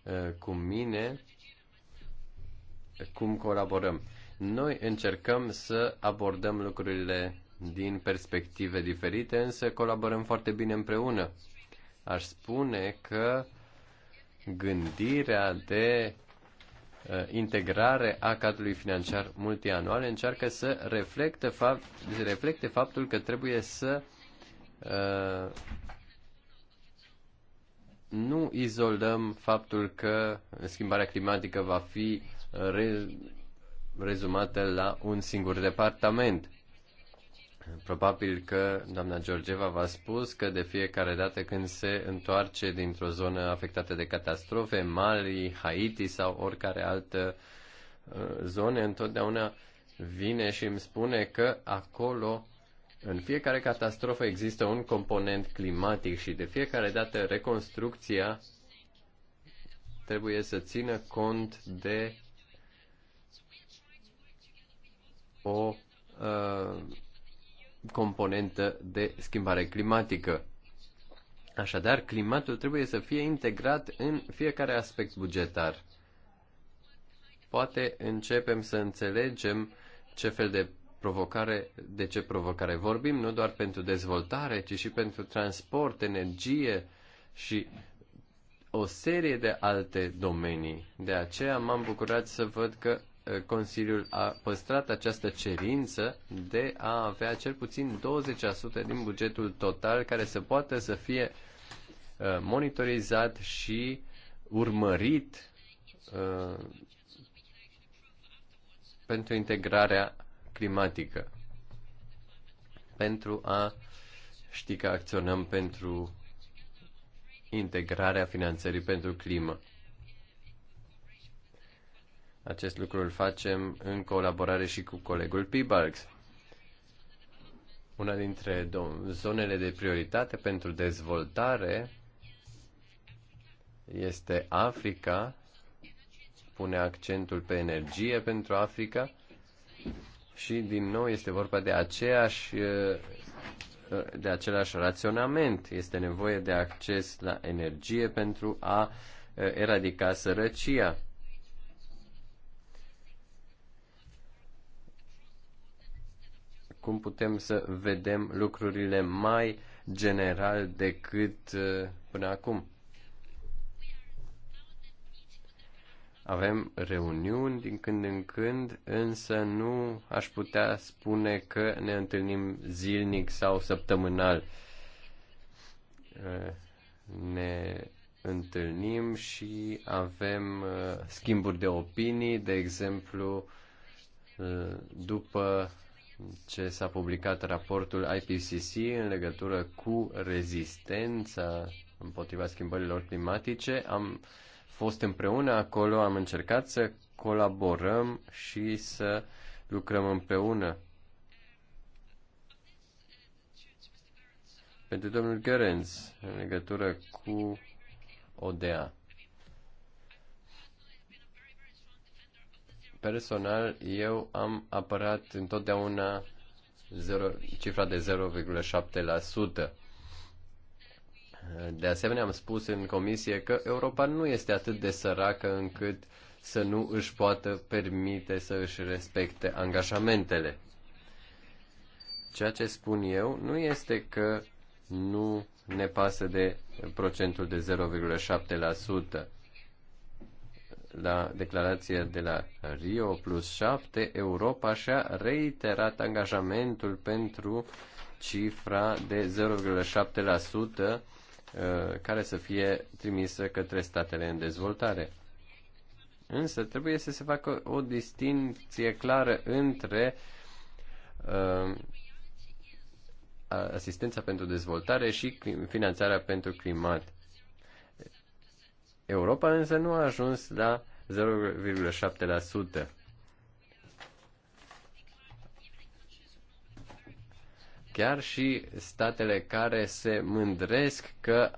uh, cu mine cum colaborăm. Noi încercăm să abordăm lucrurile din perspective diferite, însă colaborăm foarte bine împreună. Aș spune că gândirea de Uh, integrare a cadrului financiar multianual încearcă să reflecte, fapt, să reflecte faptul că trebuie să uh, nu izolăm faptul că schimbarea climatică va fi re, rezumată la un singur departament. Probabil că doamna Georgeva v-a spus că de fiecare dată când se întoarce dintr-o zonă afectată de catastrofe, Mali, Haiti sau oricare altă uh, zone, întotdeauna vine și îmi spune că acolo în fiecare catastrofă există un component climatic și de fiecare dată reconstrucția trebuie să țină cont de o uh, componentă de schimbare climatică. Așadar, climatul trebuie să fie integrat în fiecare aspect bugetar. Poate începem să înțelegem ce fel de provocare, de ce provocare vorbim, nu doar pentru dezvoltare, ci și pentru transport, energie și o serie de alte domenii. De aceea m-am bucurat să văd că Consiliul a păstrat această cerință de a avea cel puțin 20% din bugetul total care să poată să fie uh, monitorizat și urmărit uh, pentru integrarea climatică, pentru a ști că acționăm pentru integrarea finanțării pentru climă. Acest lucru îl facem în colaborare și cu colegul Pibalx. Una dintre zonele de prioritate pentru dezvoltare este Africa, pune accentul pe energie pentru Africa și din nou este vorba de aceeași eh, de același raționament. Este nevoie de acces la energie pentru a eh, eradica sărăcia. cum putem să vedem lucrurile mai general decât uh, până acum. Avem reuniuni din când în când, însă nu aș putea spune că ne întâlnim zilnic sau săptămânal. Uh, ne întâlnim și avem uh, schimburi de opinii, de exemplu, după ce s-a publicat raportul IPCC în legătură cu rezistența împotriva schimbărilor climatice. Am fost împreună acolo, am încercat să colaborăm și să lucrăm împreună. Pentru domnul Gerenz, în legătură cu ODA. Personal, eu am apărat întotdeauna 0, cifra de 0,7%. De asemenea, am spus în comisie că Europa nu este atât de săracă încât să nu își poată permite să își respecte angajamentele. Ceea ce spun eu nu este că nu ne pasă de procentul de 0,7% la declarația de la Rio plus 7, Europa și-a reiterat angajamentul pentru cifra de 0,7% uh, care să fie trimisă către statele în dezvoltare. Însă trebuie să se facă o distinție clară între uh, asistența pentru dezvoltare și finanțarea pentru climat. Europa însă nu a ajuns la 0,7%. Chiar și statele care se mândresc că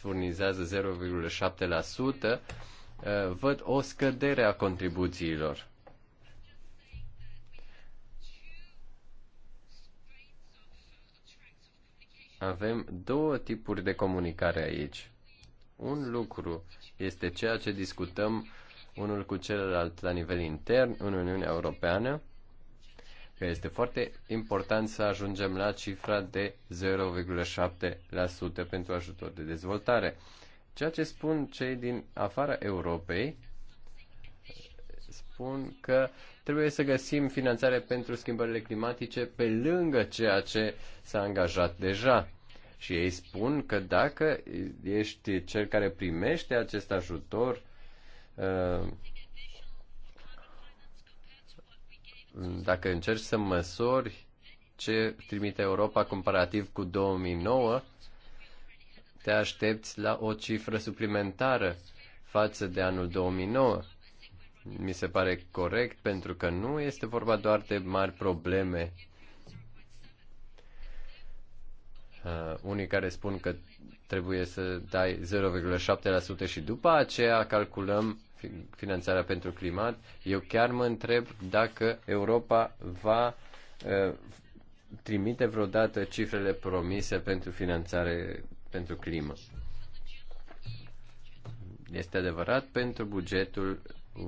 furnizează 0,7% uh, văd o scădere a contribuțiilor. Avem două tipuri de comunicare aici un lucru este ceea ce discutăm unul cu celălalt la nivel intern în Uniunea Europeană, că este foarte important să ajungem la cifra de 0,7% pentru ajutor de dezvoltare. Ceea ce spun cei din afara Europei, spun că trebuie să găsim finanțare pentru schimbările climatice pe lângă ceea ce s-a angajat deja și ei spun că dacă ești cel care primește acest ajutor, uh, dacă încerci să măsori ce trimite Europa comparativ cu 2009, te aștepți la o cifră suplimentară față de anul 2009. Mi se pare corect pentru că nu este vorba doar de mari probleme Uh, unii care spun că trebuie să dai 0,7% și după aceea calculăm finanțarea pentru climat. Eu chiar mă întreb dacă Europa va uh, trimite vreodată cifrele promise pentru finanțare pentru climă. Este adevărat pentru bugetul uh,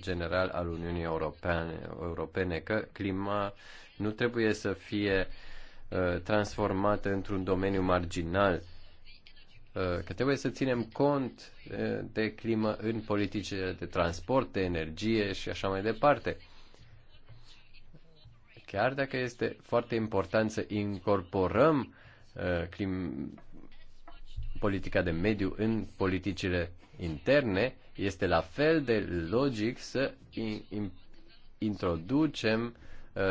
general al Uniunii Europene, Europene că clima nu trebuie să fie uh, Uh, transformată într-un domeniu marginal, uh, că trebuie să ținem cont uh, de climă în politicile de transport, de energie și așa mai departe. Chiar dacă este foarte important să incorporăm clim, politica de mediu în politicile interne, este la fel de logic să introducem uh, Uh,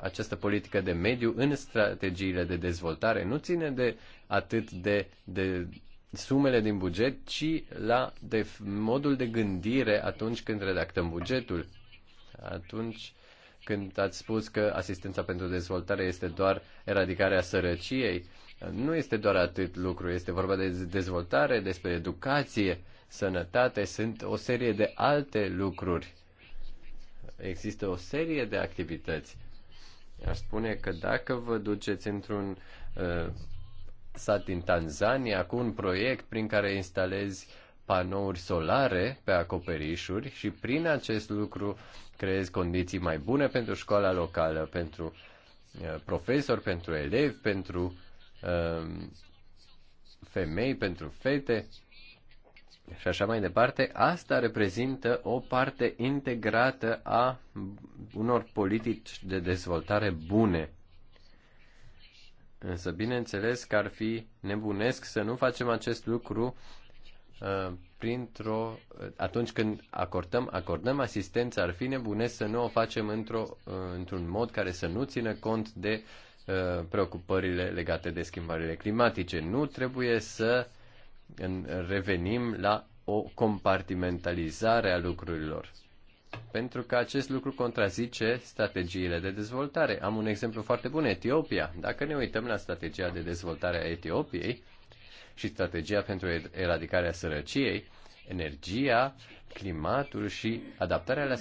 această politică de mediu în strategiile de dezvoltare nu ține de atât de, de sumele din buget, ci la de modul de gândire atunci când redactăm bugetul. Atunci când ați spus că asistența pentru dezvoltare este doar eradicarea sărăciei, nu este doar atât lucru, este vorba de dezvoltare, despre educație, sănătate, sunt o serie de alte lucruri există o serie de activități. Aș spune că dacă vă duceți într-un uh, sat din Tanzania cu un proiect prin care instalezi panouri solare pe acoperișuri și prin acest lucru creezi condiții mai bune pentru școala locală, pentru profesor, uh, profesori, pentru elevi, pentru uh, femei, pentru fete și așa mai departe, asta reprezintă o parte integrată a unor politici de dezvoltare bune. Însă, bineînțeles că ar fi nebunesc să nu facem acest lucru uh, printr-o, atunci când acordăm, acordăm asistență, ar fi nebunesc să nu o facem într-o, uh, într-un mod care să nu țină cont de uh, preocupările legate de schimbările climatice. Nu trebuie să uh, revenim la o compartimentalizare a lucrurilor. Pentru că acest lucru contrazice strategiile de dezvoltare. Am un exemplu foarte bun, Etiopia. Dacă ne uităm la strategia de dezvoltare a Etiopiei și strategia pentru eradicarea sărăciei, energia, climatul și adaptarea la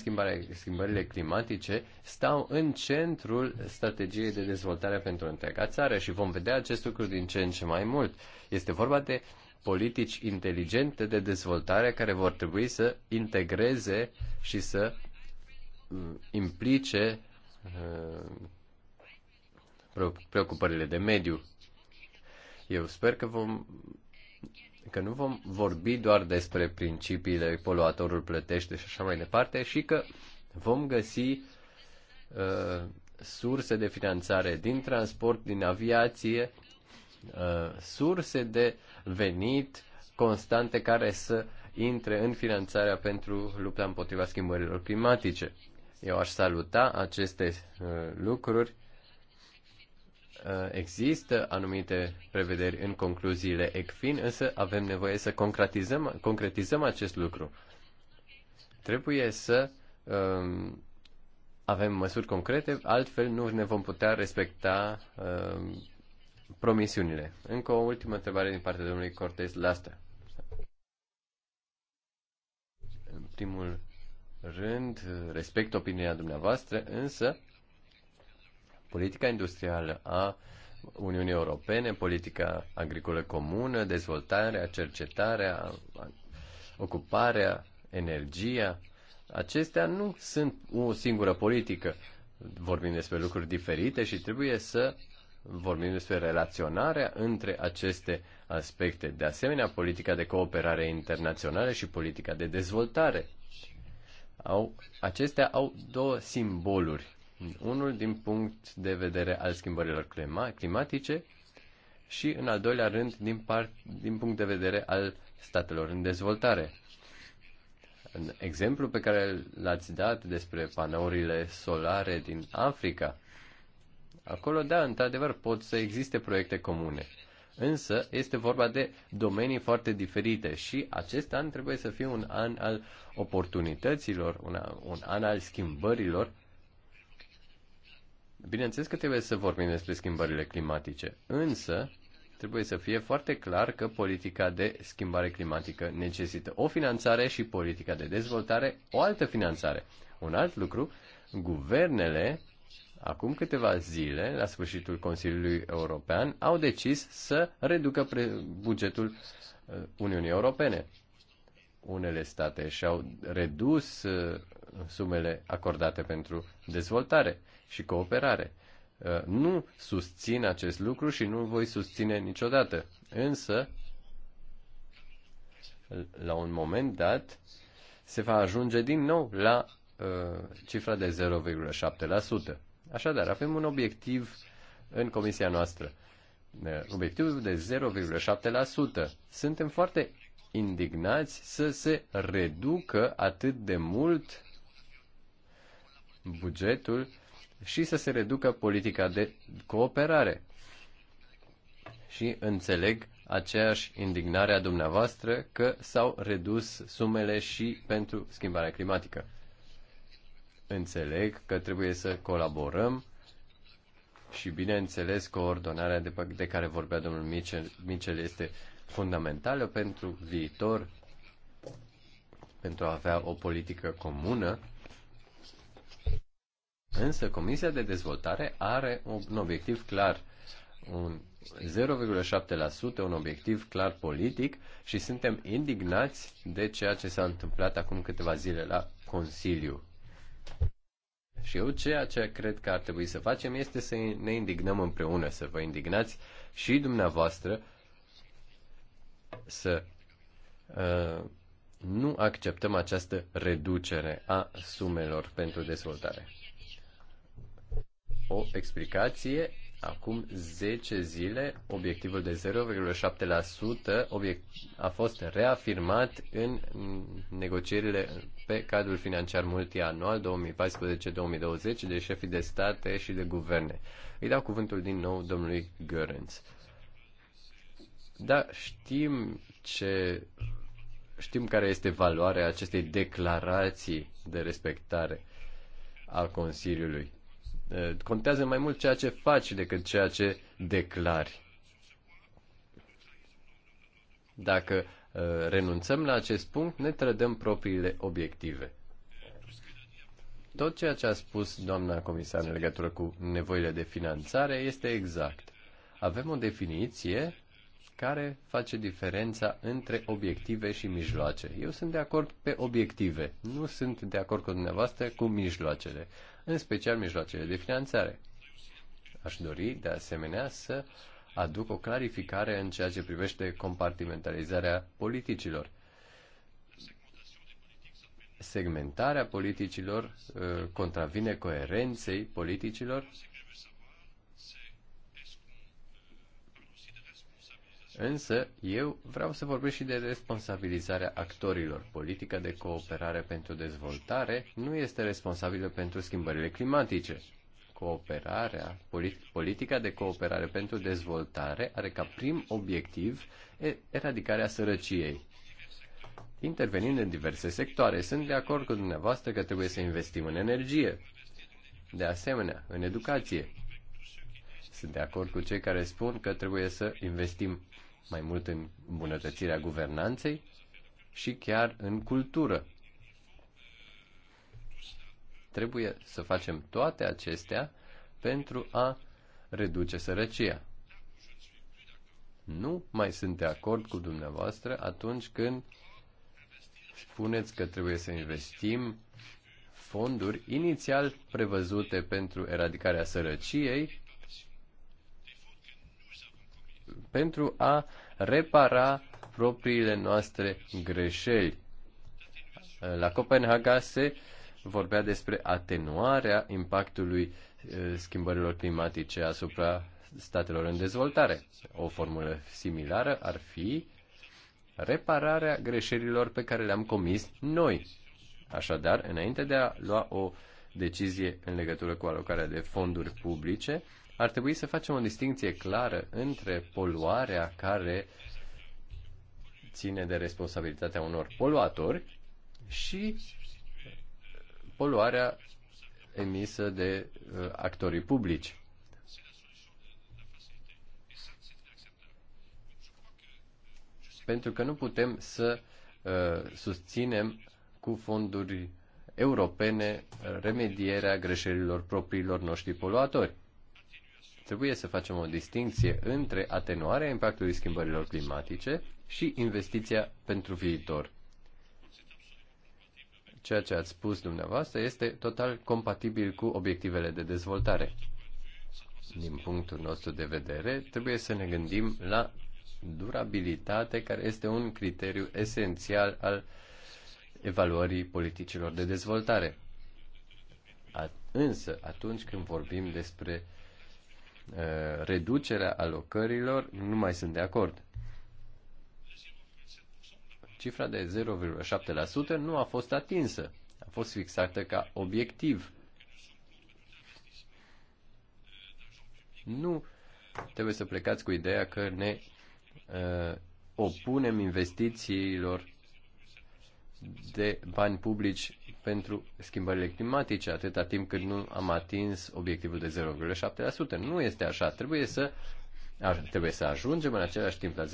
schimbările climatice stau în centrul strategiei de dezvoltare pentru întreaga țară și vom vedea acest lucru din ce în ce mai mult. Este vorba de uh, politici inteligente de dezvoltare care vor trebui să integreze și să mm, implice uh, preocupările de mediu. Eu sper că vom că nu vom vorbi doar despre principiile poluatorul plătește și așa mai departe și că vom găsi uh, surse de finanțare din transport, din aviație Uh, surse de venit constante care să intre în finanțarea pentru lupta împotriva schimbărilor climatice. Eu aș saluta aceste uh, lucruri. Uh, există anumite prevederi în concluziile ECFIN, însă avem nevoie să concretizăm, concretizăm acest lucru. Trebuie să um, avem măsuri concrete, altfel nu ne vom putea respecta um, promisiunile. Încă o ultimă întrebare din partea domnului Cortez asta. În primul rând, respect opinia dumneavoastră, însă politica industrială a Uniunii Europene, politica agricolă comună, dezvoltarea, cercetarea, ocuparea, energia, acestea nu sunt o singură politică. Vorbim despre lucruri diferite și trebuie să vorbim despre relaționarea între aceste aspecte. De asemenea, politica de cooperare internațională și politica de dezvoltare. Au, acestea au două simboluri. Unul din punct de vedere al schimbărilor climatice și, în al doilea rând, din, part, din punct de vedere al statelor în dezvoltare. Exemplul pe care l-ați dat despre panourile solare din Africa Acolo, da, într-adevăr, pot să existe proiecte comune. Însă, este vorba de domenii foarte diferite și acest an trebuie să fie un an al oportunităților, un, un an al schimbărilor. Bineînțeles că trebuie să vorbim despre schimbările climatice, însă trebuie să fie foarte clar că politica de schimbare climatică necesită o finanțare și politica de dezvoltare o altă finanțare. Un alt lucru, guvernele acum câteva zile, la sfârșitul Consiliului European, au decis să reducă bugetul uh, Uniunii Europene. Unele state și-au redus uh, sumele acordate pentru dezvoltare și cooperare. Uh, nu susțin acest lucru și nu voi susține niciodată. Însă, la un moment dat, se va ajunge din nou la uh, cifra de 0,7%. Așadar, avem un obiectiv în comisia noastră. Obiectivul de 0,7%. Suntem foarte indignați să se reducă atât de mult bugetul și să se reducă politica de cooperare. Și înțeleg aceeași indignare a dumneavoastră că s-au redus sumele și pentru schimbarea climatică. Înțeleg că trebuie să colaborăm și, bineînțeles, coordonarea de, de care vorbea domnul Mitchell, Mitchell este fundamentală pentru viitor, pentru a avea o politică comună. Însă Comisia de Dezvoltare are un obiectiv clar, un 0,7%, un obiectiv clar politic și suntem indignați de ceea ce s-a întâmplat acum câteva zile la Consiliu. Și eu ceea ce cred că ar trebui să facem este să ne indignăm împreună, să vă indignați și dumneavoastră să uh, nu acceptăm această reducere a sumelor pentru dezvoltare. O explicație acum 10 zile, obiectivul de 0,7% obiect, a fost reafirmat în negocierile pe cadrul financiar multianual 2014-2020 de șefii de state și de guverne. Îi dau cuvântul din nou domnului Görens. Da, știm ce știm care este valoarea acestei declarații de respectare a Consiliului Eh, contează mai mult ceea ce faci decât ceea ce declari. Dacă eh, renunțăm la acest punct, ne trădăm propriile obiective. Tot ceea ce a spus doamna comisar în legătură cu nevoile de finanțare este exact. Avem o definiție care face diferența între obiective și mijloace. Eu sunt de acord pe obiective, nu sunt de acord cu dumneavoastră cu mijloacele în special mijloacele de finanțare. Aș dori, de asemenea, să aduc o clarificare în ceea ce privește compartimentalizarea politicilor. Segmentarea politicilor uh, contravine coerenței politicilor Însă, eu vreau să vorbesc și de responsabilizarea actorilor. Politica de cooperare pentru dezvoltare nu este responsabilă pentru schimbările climatice. Cooperarea, politica de cooperare pentru dezvoltare are ca prim obiectiv eradicarea sărăciei. Intervenind în diverse sectoare, sunt de acord cu dumneavoastră că trebuie să investim în energie. De asemenea, în educație. Sunt de acord cu cei care spun că trebuie să investim mai mult în îmbunătățirea guvernanței și chiar în cultură. Trebuie să facem toate acestea pentru a reduce sărăcia. Nu mai sunt de acord cu dumneavoastră atunci când spuneți că trebuie să investim fonduri inițial prevăzute pentru eradicarea sărăciei pentru a repara propriile noastre greșeli. La Copenhaga se vorbea despre atenuarea impactului eh, schimbărilor climatice asupra statelor în dezvoltare. O formulă similară ar fi repararea greșelilor pe care le-am comis noi. Așadar, înainte de a lua o decizie în legătură cu alocarea de fonduri publice, ar trebui să facem o distinție clară între poluarea care ține de responsabilitatea unor poluatori și poluarea emisă de uh, actorii publici. Pentru că nu putem să uh, susținem cu fonduri europene remedierea greșelilor propriilor noștri poluatori. Trebuie să facem o distinție între atenuarea impactului schimbărilor climatice și investiția pentru viitor. Ceea ce ați spus dumneavoastră este total compatibil cu obiectivele de dezvoltare. Din punctul nostru de vedere, trebuie să ne gândim la durabilitate, care este un criteriu esențial al evaluării politicilor de dezvoltare. Însă, atunci când vorbim despre uh, Uh, reducerea alocărilor, nu mai sunt de acord. Cifra de 0,7% nu a fost atinsă, a fost fixată ca obiectiv. Nu trebuie să plecați cu ideea că ne uh, opunem investițiilor de bani publici pentru schimbările climatice, atâta timp cât nu am atins obiectivul de 0,7%. Nu este așa. Trebuie să, trebuie să ajungem în același timp la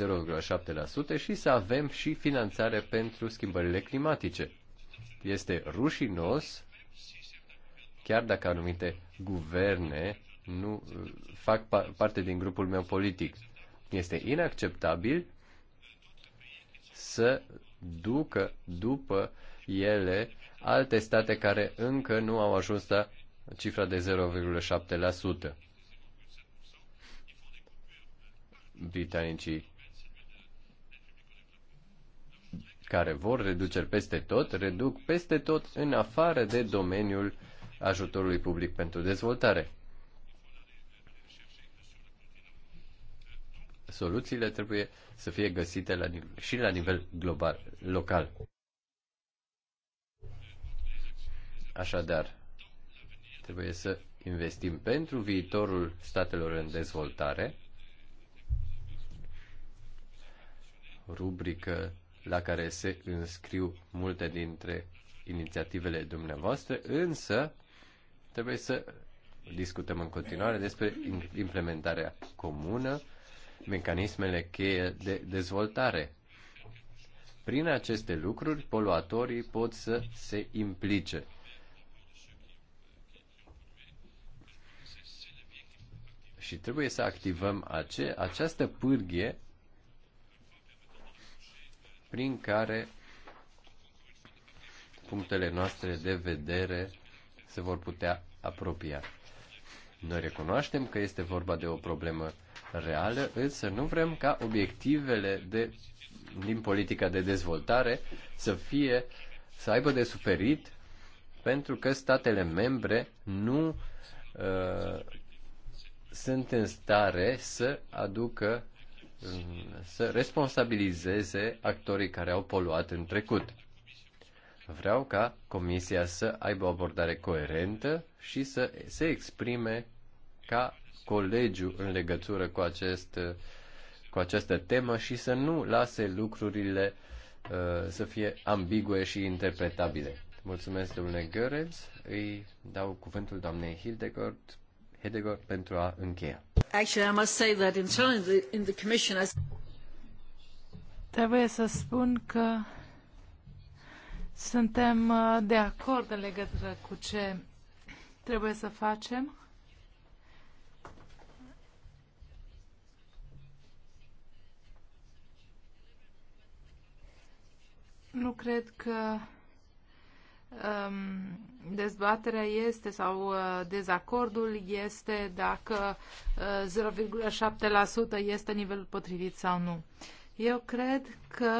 0,7% și să avem și finanțare pentru schimbările climatice. Este rușinos, chiar dacă anumite guverne nu uh, fac parte din grupul meu politic. Este inacceptabil să ducă după ele alte state care încă nu au ajuns la cifra de 0,7%. Britanicii care vor reduceri peste tot, reduc peste tot în afară de domeniul ajutorului public pentru dezvoltare. Soluțiile trebuie să fie găsite la, și la nivel global, local. Așadar, trebuie să investim pentru viitorul statelor în dezvoltare, rubrică la care se înscriu multe dintre inițiativele dumneavoastră, însă trebuie să discutăm în continuare despre implementarea comună, mecanismele cheie de dezvoltare. Prin aceste lucruri, poluatorii pot să se implice Și trebuie să activăm ace- această pârghie prin care punctele noastre de vedere se vor putea apropia. Noi recunoaștem că este vorba de o problemă reală, însă nu vrem ca obiectivele de, din politica de dezvoltare să fie să aibă de suferit pentru că statele membre nu uh, sunt în stare să aducă, să responsabilizeze actorii care au poluat în trecut. Vreau ca Comisia să aibă o abordare coerentă și să se exprime ca colegiu în legătură cu, acest, cu această temă și să nu lase lucrurile uh, să fie ambigue și interpretabile. Mulțumesc, domnule Găreț. Îi dau cuvântul doamnei Hildegard Hedegaard pentru a încheia. Actually, I must say that in the, in the commission, I... Trebuie să spun că suntem uh, de acord în legătură cu ce trebuie să facem. Nu cred că Ehm, dezbaterea este sau ă, dezacordul este dacă 0,7% ă, este nivelul potrivit sau nu. Eu cred că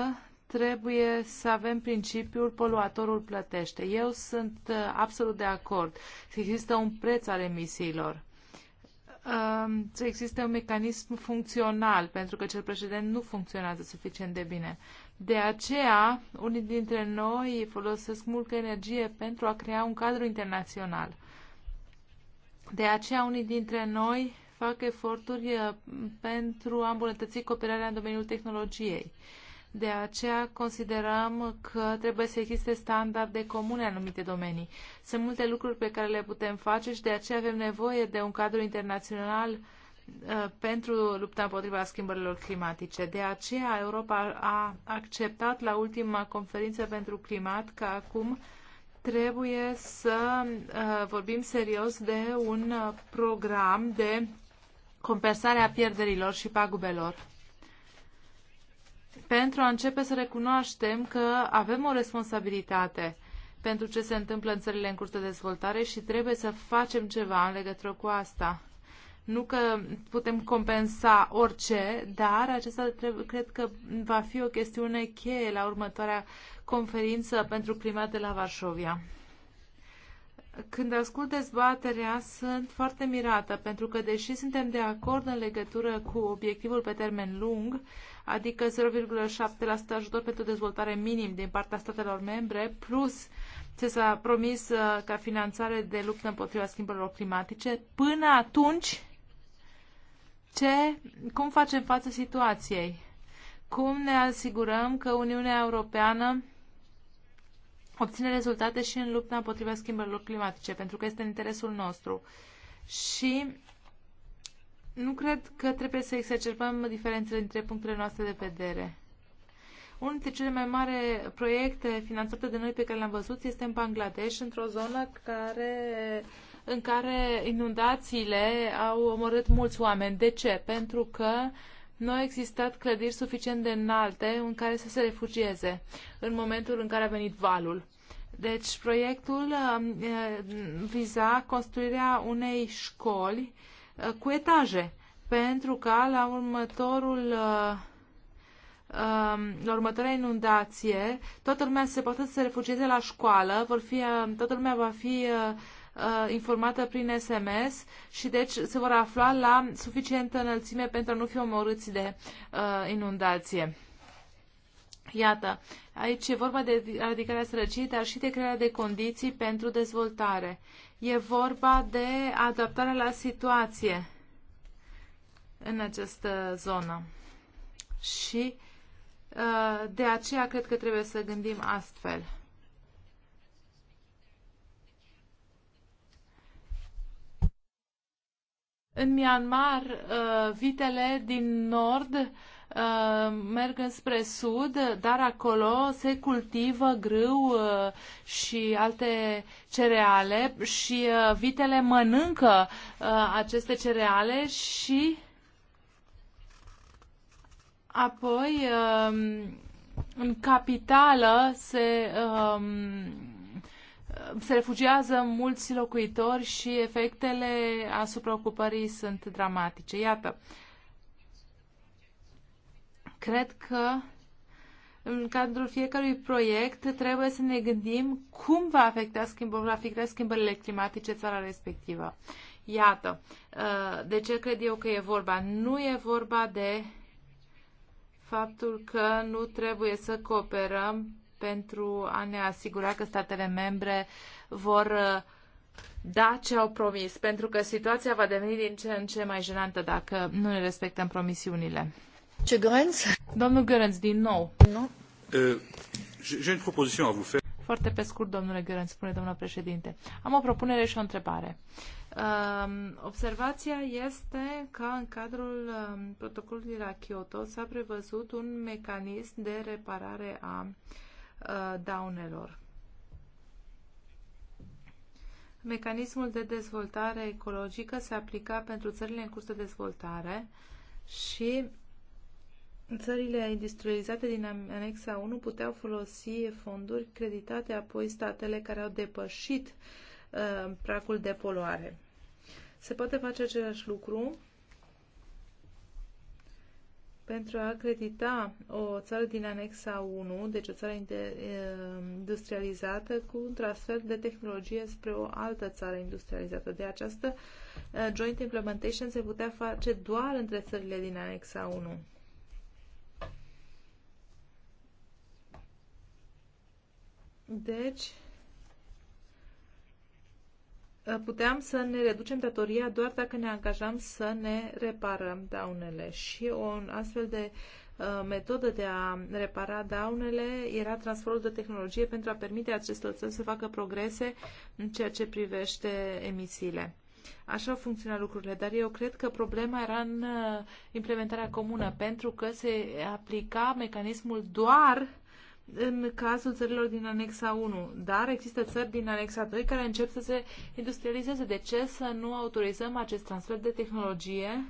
trebuie să avem principiul poluatorul plătește. Eu sunt ă, absolut de acord. Există un preț al emisiilor Uh, ehm, există un mecanism funcțional, pentru că cel precedent nu funcționează suficient de bine. De aceea, unii dintre noi folosesc multă energie pentru a crea un cadru internațional. De aceea, unii dintre noi fac eforturi eh, pentru a îmbunătăți cooperarea în domeniul tehnologiei. De aceea considerăm că trebuie să existe standarde comune în anumite domenii. Sunt multe lucruri pe care le putem face și de aceea avem nevoie de un cadru internațional Uh, pentru lupta împotriva schimbărilor climatice. De aceea Europa a acceptat la ultima conferință pentru climat că acum trebuie să uh, vorbim serios de un uh, program de compensare a pierderilor și pagubelor pentru a începe să recunoaștem că avem o responsabilitate pentru ce se întâmplă în țările în curs de dezvoltare și trebuie să facem ceva în legătură cu asta. Nu că putem compensa orice, dar acesta trebuie, cred că va fi o chestiune cheie la următoarea conferință pentru climat de la Varșovia. Când ascult dezbaterea, sunt foarte mirată, pentru că, deși suntem de acord în legătură cu obiectivul pe termen lung, adică 0,7% ajutor pentru dezvoltare minim din partea statelor membre, plus ce s-a promis uh, ca finanțare de luptă împotriva schimbărilor climatice, până atunci ce, cum facem față situației? Cum ne asigurăm că Uniunea Europeană obține rezultate și în lupta împotriva schimbărilor climatice, pentru că este în interesul nostru. Și nu cred că trebuie să exacerbăm diferențele între punctele noastre de vedere. Unul dintre cele mai mari proiecte finanțate de noi pe care le-am văzut este în Bangladesh, într-o zonă care uh, în care inundațiile au omorât mulți oameni. De ce? Pentru că nu au existat clădiri suficient de înalte în care să se refugieze în momentul în care a venit valul. Deci proiectul um, viza construirea unei școli uh, cu etaje pentru ca la următorul uh, um, la următoarea inundație, toată lumea se poate să se refugieze la școală, vor fi, um, toată lumea va fi uh, uh, informată prin SMS și deci se vor afla la suficientă înălțime pentru a nu fi omorâți de uh, inundație. Iată, aici e vorba de eradicarea sărăciei, dar și de crearea de condiții pentru dezvoltare. E vorba de adaptarea la situație în această zonă. Și uh, de aceea cred că trebuie să gândim astfel. În Myanmar, uh, vitele din nord uh, merg spre sud, dar acolo se cultivă grâu uh, și alte cereale și vitele mănâncă aceste cereale și apoi um, în capitală se um, se refugiază mulți locuitori și efectele asupra ocupării sunt dramatice. Iată, cred că în cadrul fiecărui proiect trebuie să ne gândim cum va afecta schimbările, afecta schimbările climatice țara respectivă. Iată, uh, de ce cred eu că e vorba? Nu e vorba de faptul că nu trebuie să cooperăm pentru a ne asigura că statele membre vor uh, da ce au promis, pentru că situația va deveni din ce în ce mai jenantă dacă nu ne respectăm promisiunile. Ce Grenz? Domnul Grenz, din nou. Nu. Uh, J'ai une proposition à vous faire. Foarte pe scurt, domnule Gheorghe, spune domnul președinte. Am o propunere și o întrebare. Um, observația este că în cadrul um, protocolului la Kyoto s-a prevăzut un mecanism de reparare a Uh, daunelor. Mecanismul de dezvoltare ecologică se aplica pentru țările în curs de dezvoltare și țările industrializate din anexa 1 puteau folosi fonduri creditate apoi statele care au depășit uh, pragul de poluare. Se poate face același lucru pentru a acredita o țară din anexa 1, deci o țară industrializată, cu un transfer de tehnologie spre o altă țară industrializată. De această joint implementation se putea face doar între țările din anexa 1. Deci, Eh, puteam să ne reducem datoria doar dacă ne angajam să ne reparăm daunele și o astfel de eh, metodă de a repara daunele era transferul de tehnologie pentru a permite acestor țări să facă progrese în ceea ce privește emisiile. Așa au funcționat lucrurile, dar eu cred că problema era în eh, implementarea comună, pentru că se aplica mecanismul doar în cazul țărilor din anexa 1, dar există țări din anexa 2 care încep să se industrializeze. De ce să nu autorizăm acest transfer de tehnologie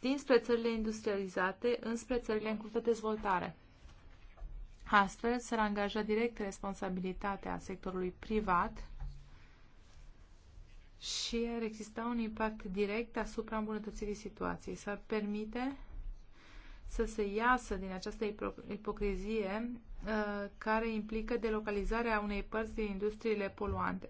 dinspre țările industrializate înspre țările în curs de dezvoltare? Astfel, se angaja direct responsabilitatea sectorului privat și ar exista un impact direct asupra îmbunătățirii situației. S-ar permite să se iasă din această ipocrizie uh, care implică delocalizarea unei părți din industriile poluante.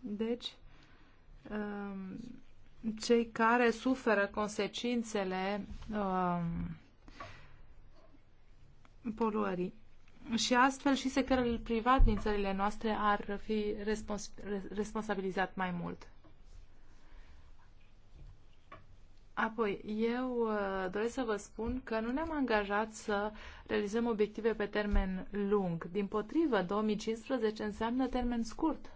Deci, um, cei care suferă consecințele um, poluării și astfel și sectorul privat din țările noastre ar fi respons- responsabilizat mai mult. Apoi, eu uh, doresc să vă spun că nu ne-am angajat să realizăm obiective pe termen lung. Din potrivă, 2015 înseamnă termen scurt.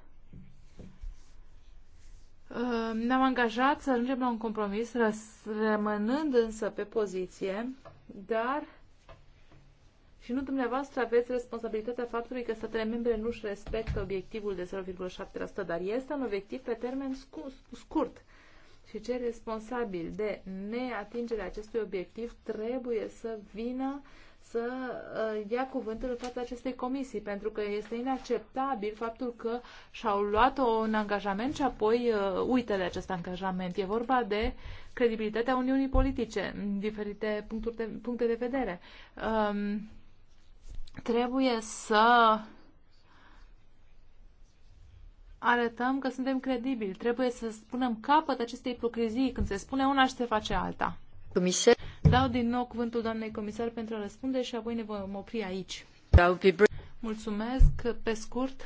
Uh, ne-am angajat să ajungem la un compromis, rămânând însă pe poziție, dar și nu dumneavoastră aveți responsabilitatea faptului că statele membre nu își respectă obiectivul de 0,7%, dar este un obiectiv pe termen scurt. Și cei responsabili de neatingerea acestui obiectiv trebuie să vină să uh, ia cuvântul în fața acestei comisii, pentru că este inacceptabil faptul că și-au luat un angajament și apoi uh, uită de acest angajament. E vorba de credibilitatea Uniunii Politice, în diferite puncte de vedere. Um, Trebuie să arătăm că suntem credibili. Trebuie să spunem capăt acestei ipocrizii când se spune una și se face alta. Comisar. Dau din nou cuvântul doamnei comisar pentru a răspunde și apoi ne vom opri aici. Mulțumesc. Pe scurt,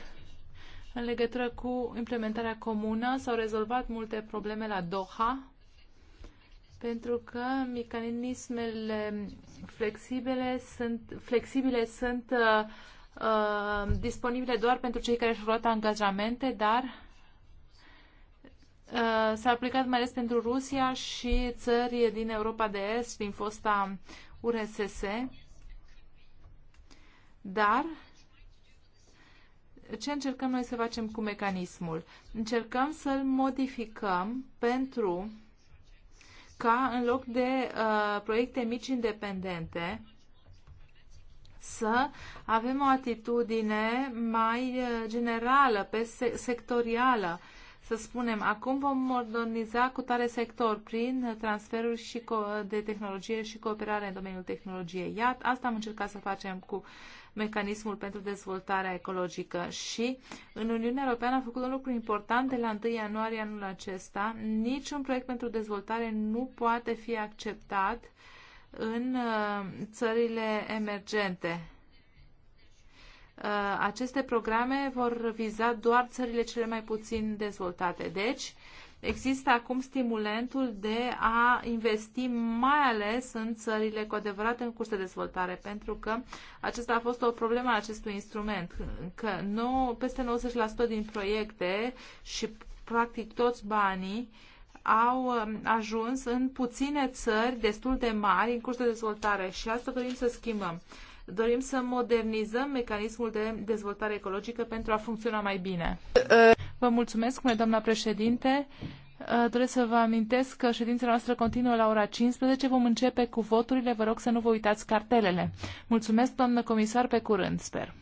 în legătură cu implementarea comună s-au rezolvat multe probleme la Doha pentru că mecanismele flexibile sunt, flexibile sunt uh, uh, disponibile doar pentru cei care și-au luat angajamente, dar uh, s-a aplicat mai ales pentru Rusia și țări din Europa de Est, din fosta URSS. Dar ce încercăm noi să facem cu mecanismul? Încercăm să-l modificăm pentru ca în loc de uh, proiecte mici independente să avem o atitudine mai uh, generală, pe sectorială, să spunem, acum vom moderniza cu tare sector prin transferuri și de tehnologie și cooperare în domeniul tehnologiei. Iată, asta am încercat să facem cu uh, mecanismul pentru dezvoltarea ecologică și în Uniunea Europeană a făcut un lucru important de la 1 ianuarie anul acesta. Niciun proiect pentru dezvoltare nu poate fi acceptat în uh, țările emergente. Uh, aceste programe vor viza doar țările cele mai puțin dezvoltate. Deci, există acum stimulentul de a investi mai ales în țările cu adevărat în curs de dezvoltare, pentru că acesta a fost o problemă a acestui instrument, că nou, peste 90% din proiecte și practic toți banii au um, ajuns în puține țări destul de mari în curs de dezvoltare și asta dorim să schimbăm. Dorim să modernizăm mecanismul de dezvoltare ecologică pentru a funcționa mai bine. Vă mulțumesc, doamna președinte. Uh, doresc să vă amintesc că ședința noastră continuă la ora 15. Vom începe cu voturile. Vă rog să nu vă uitați cartelele. Mulțumesc, doamnă comisar, pe curând, sper.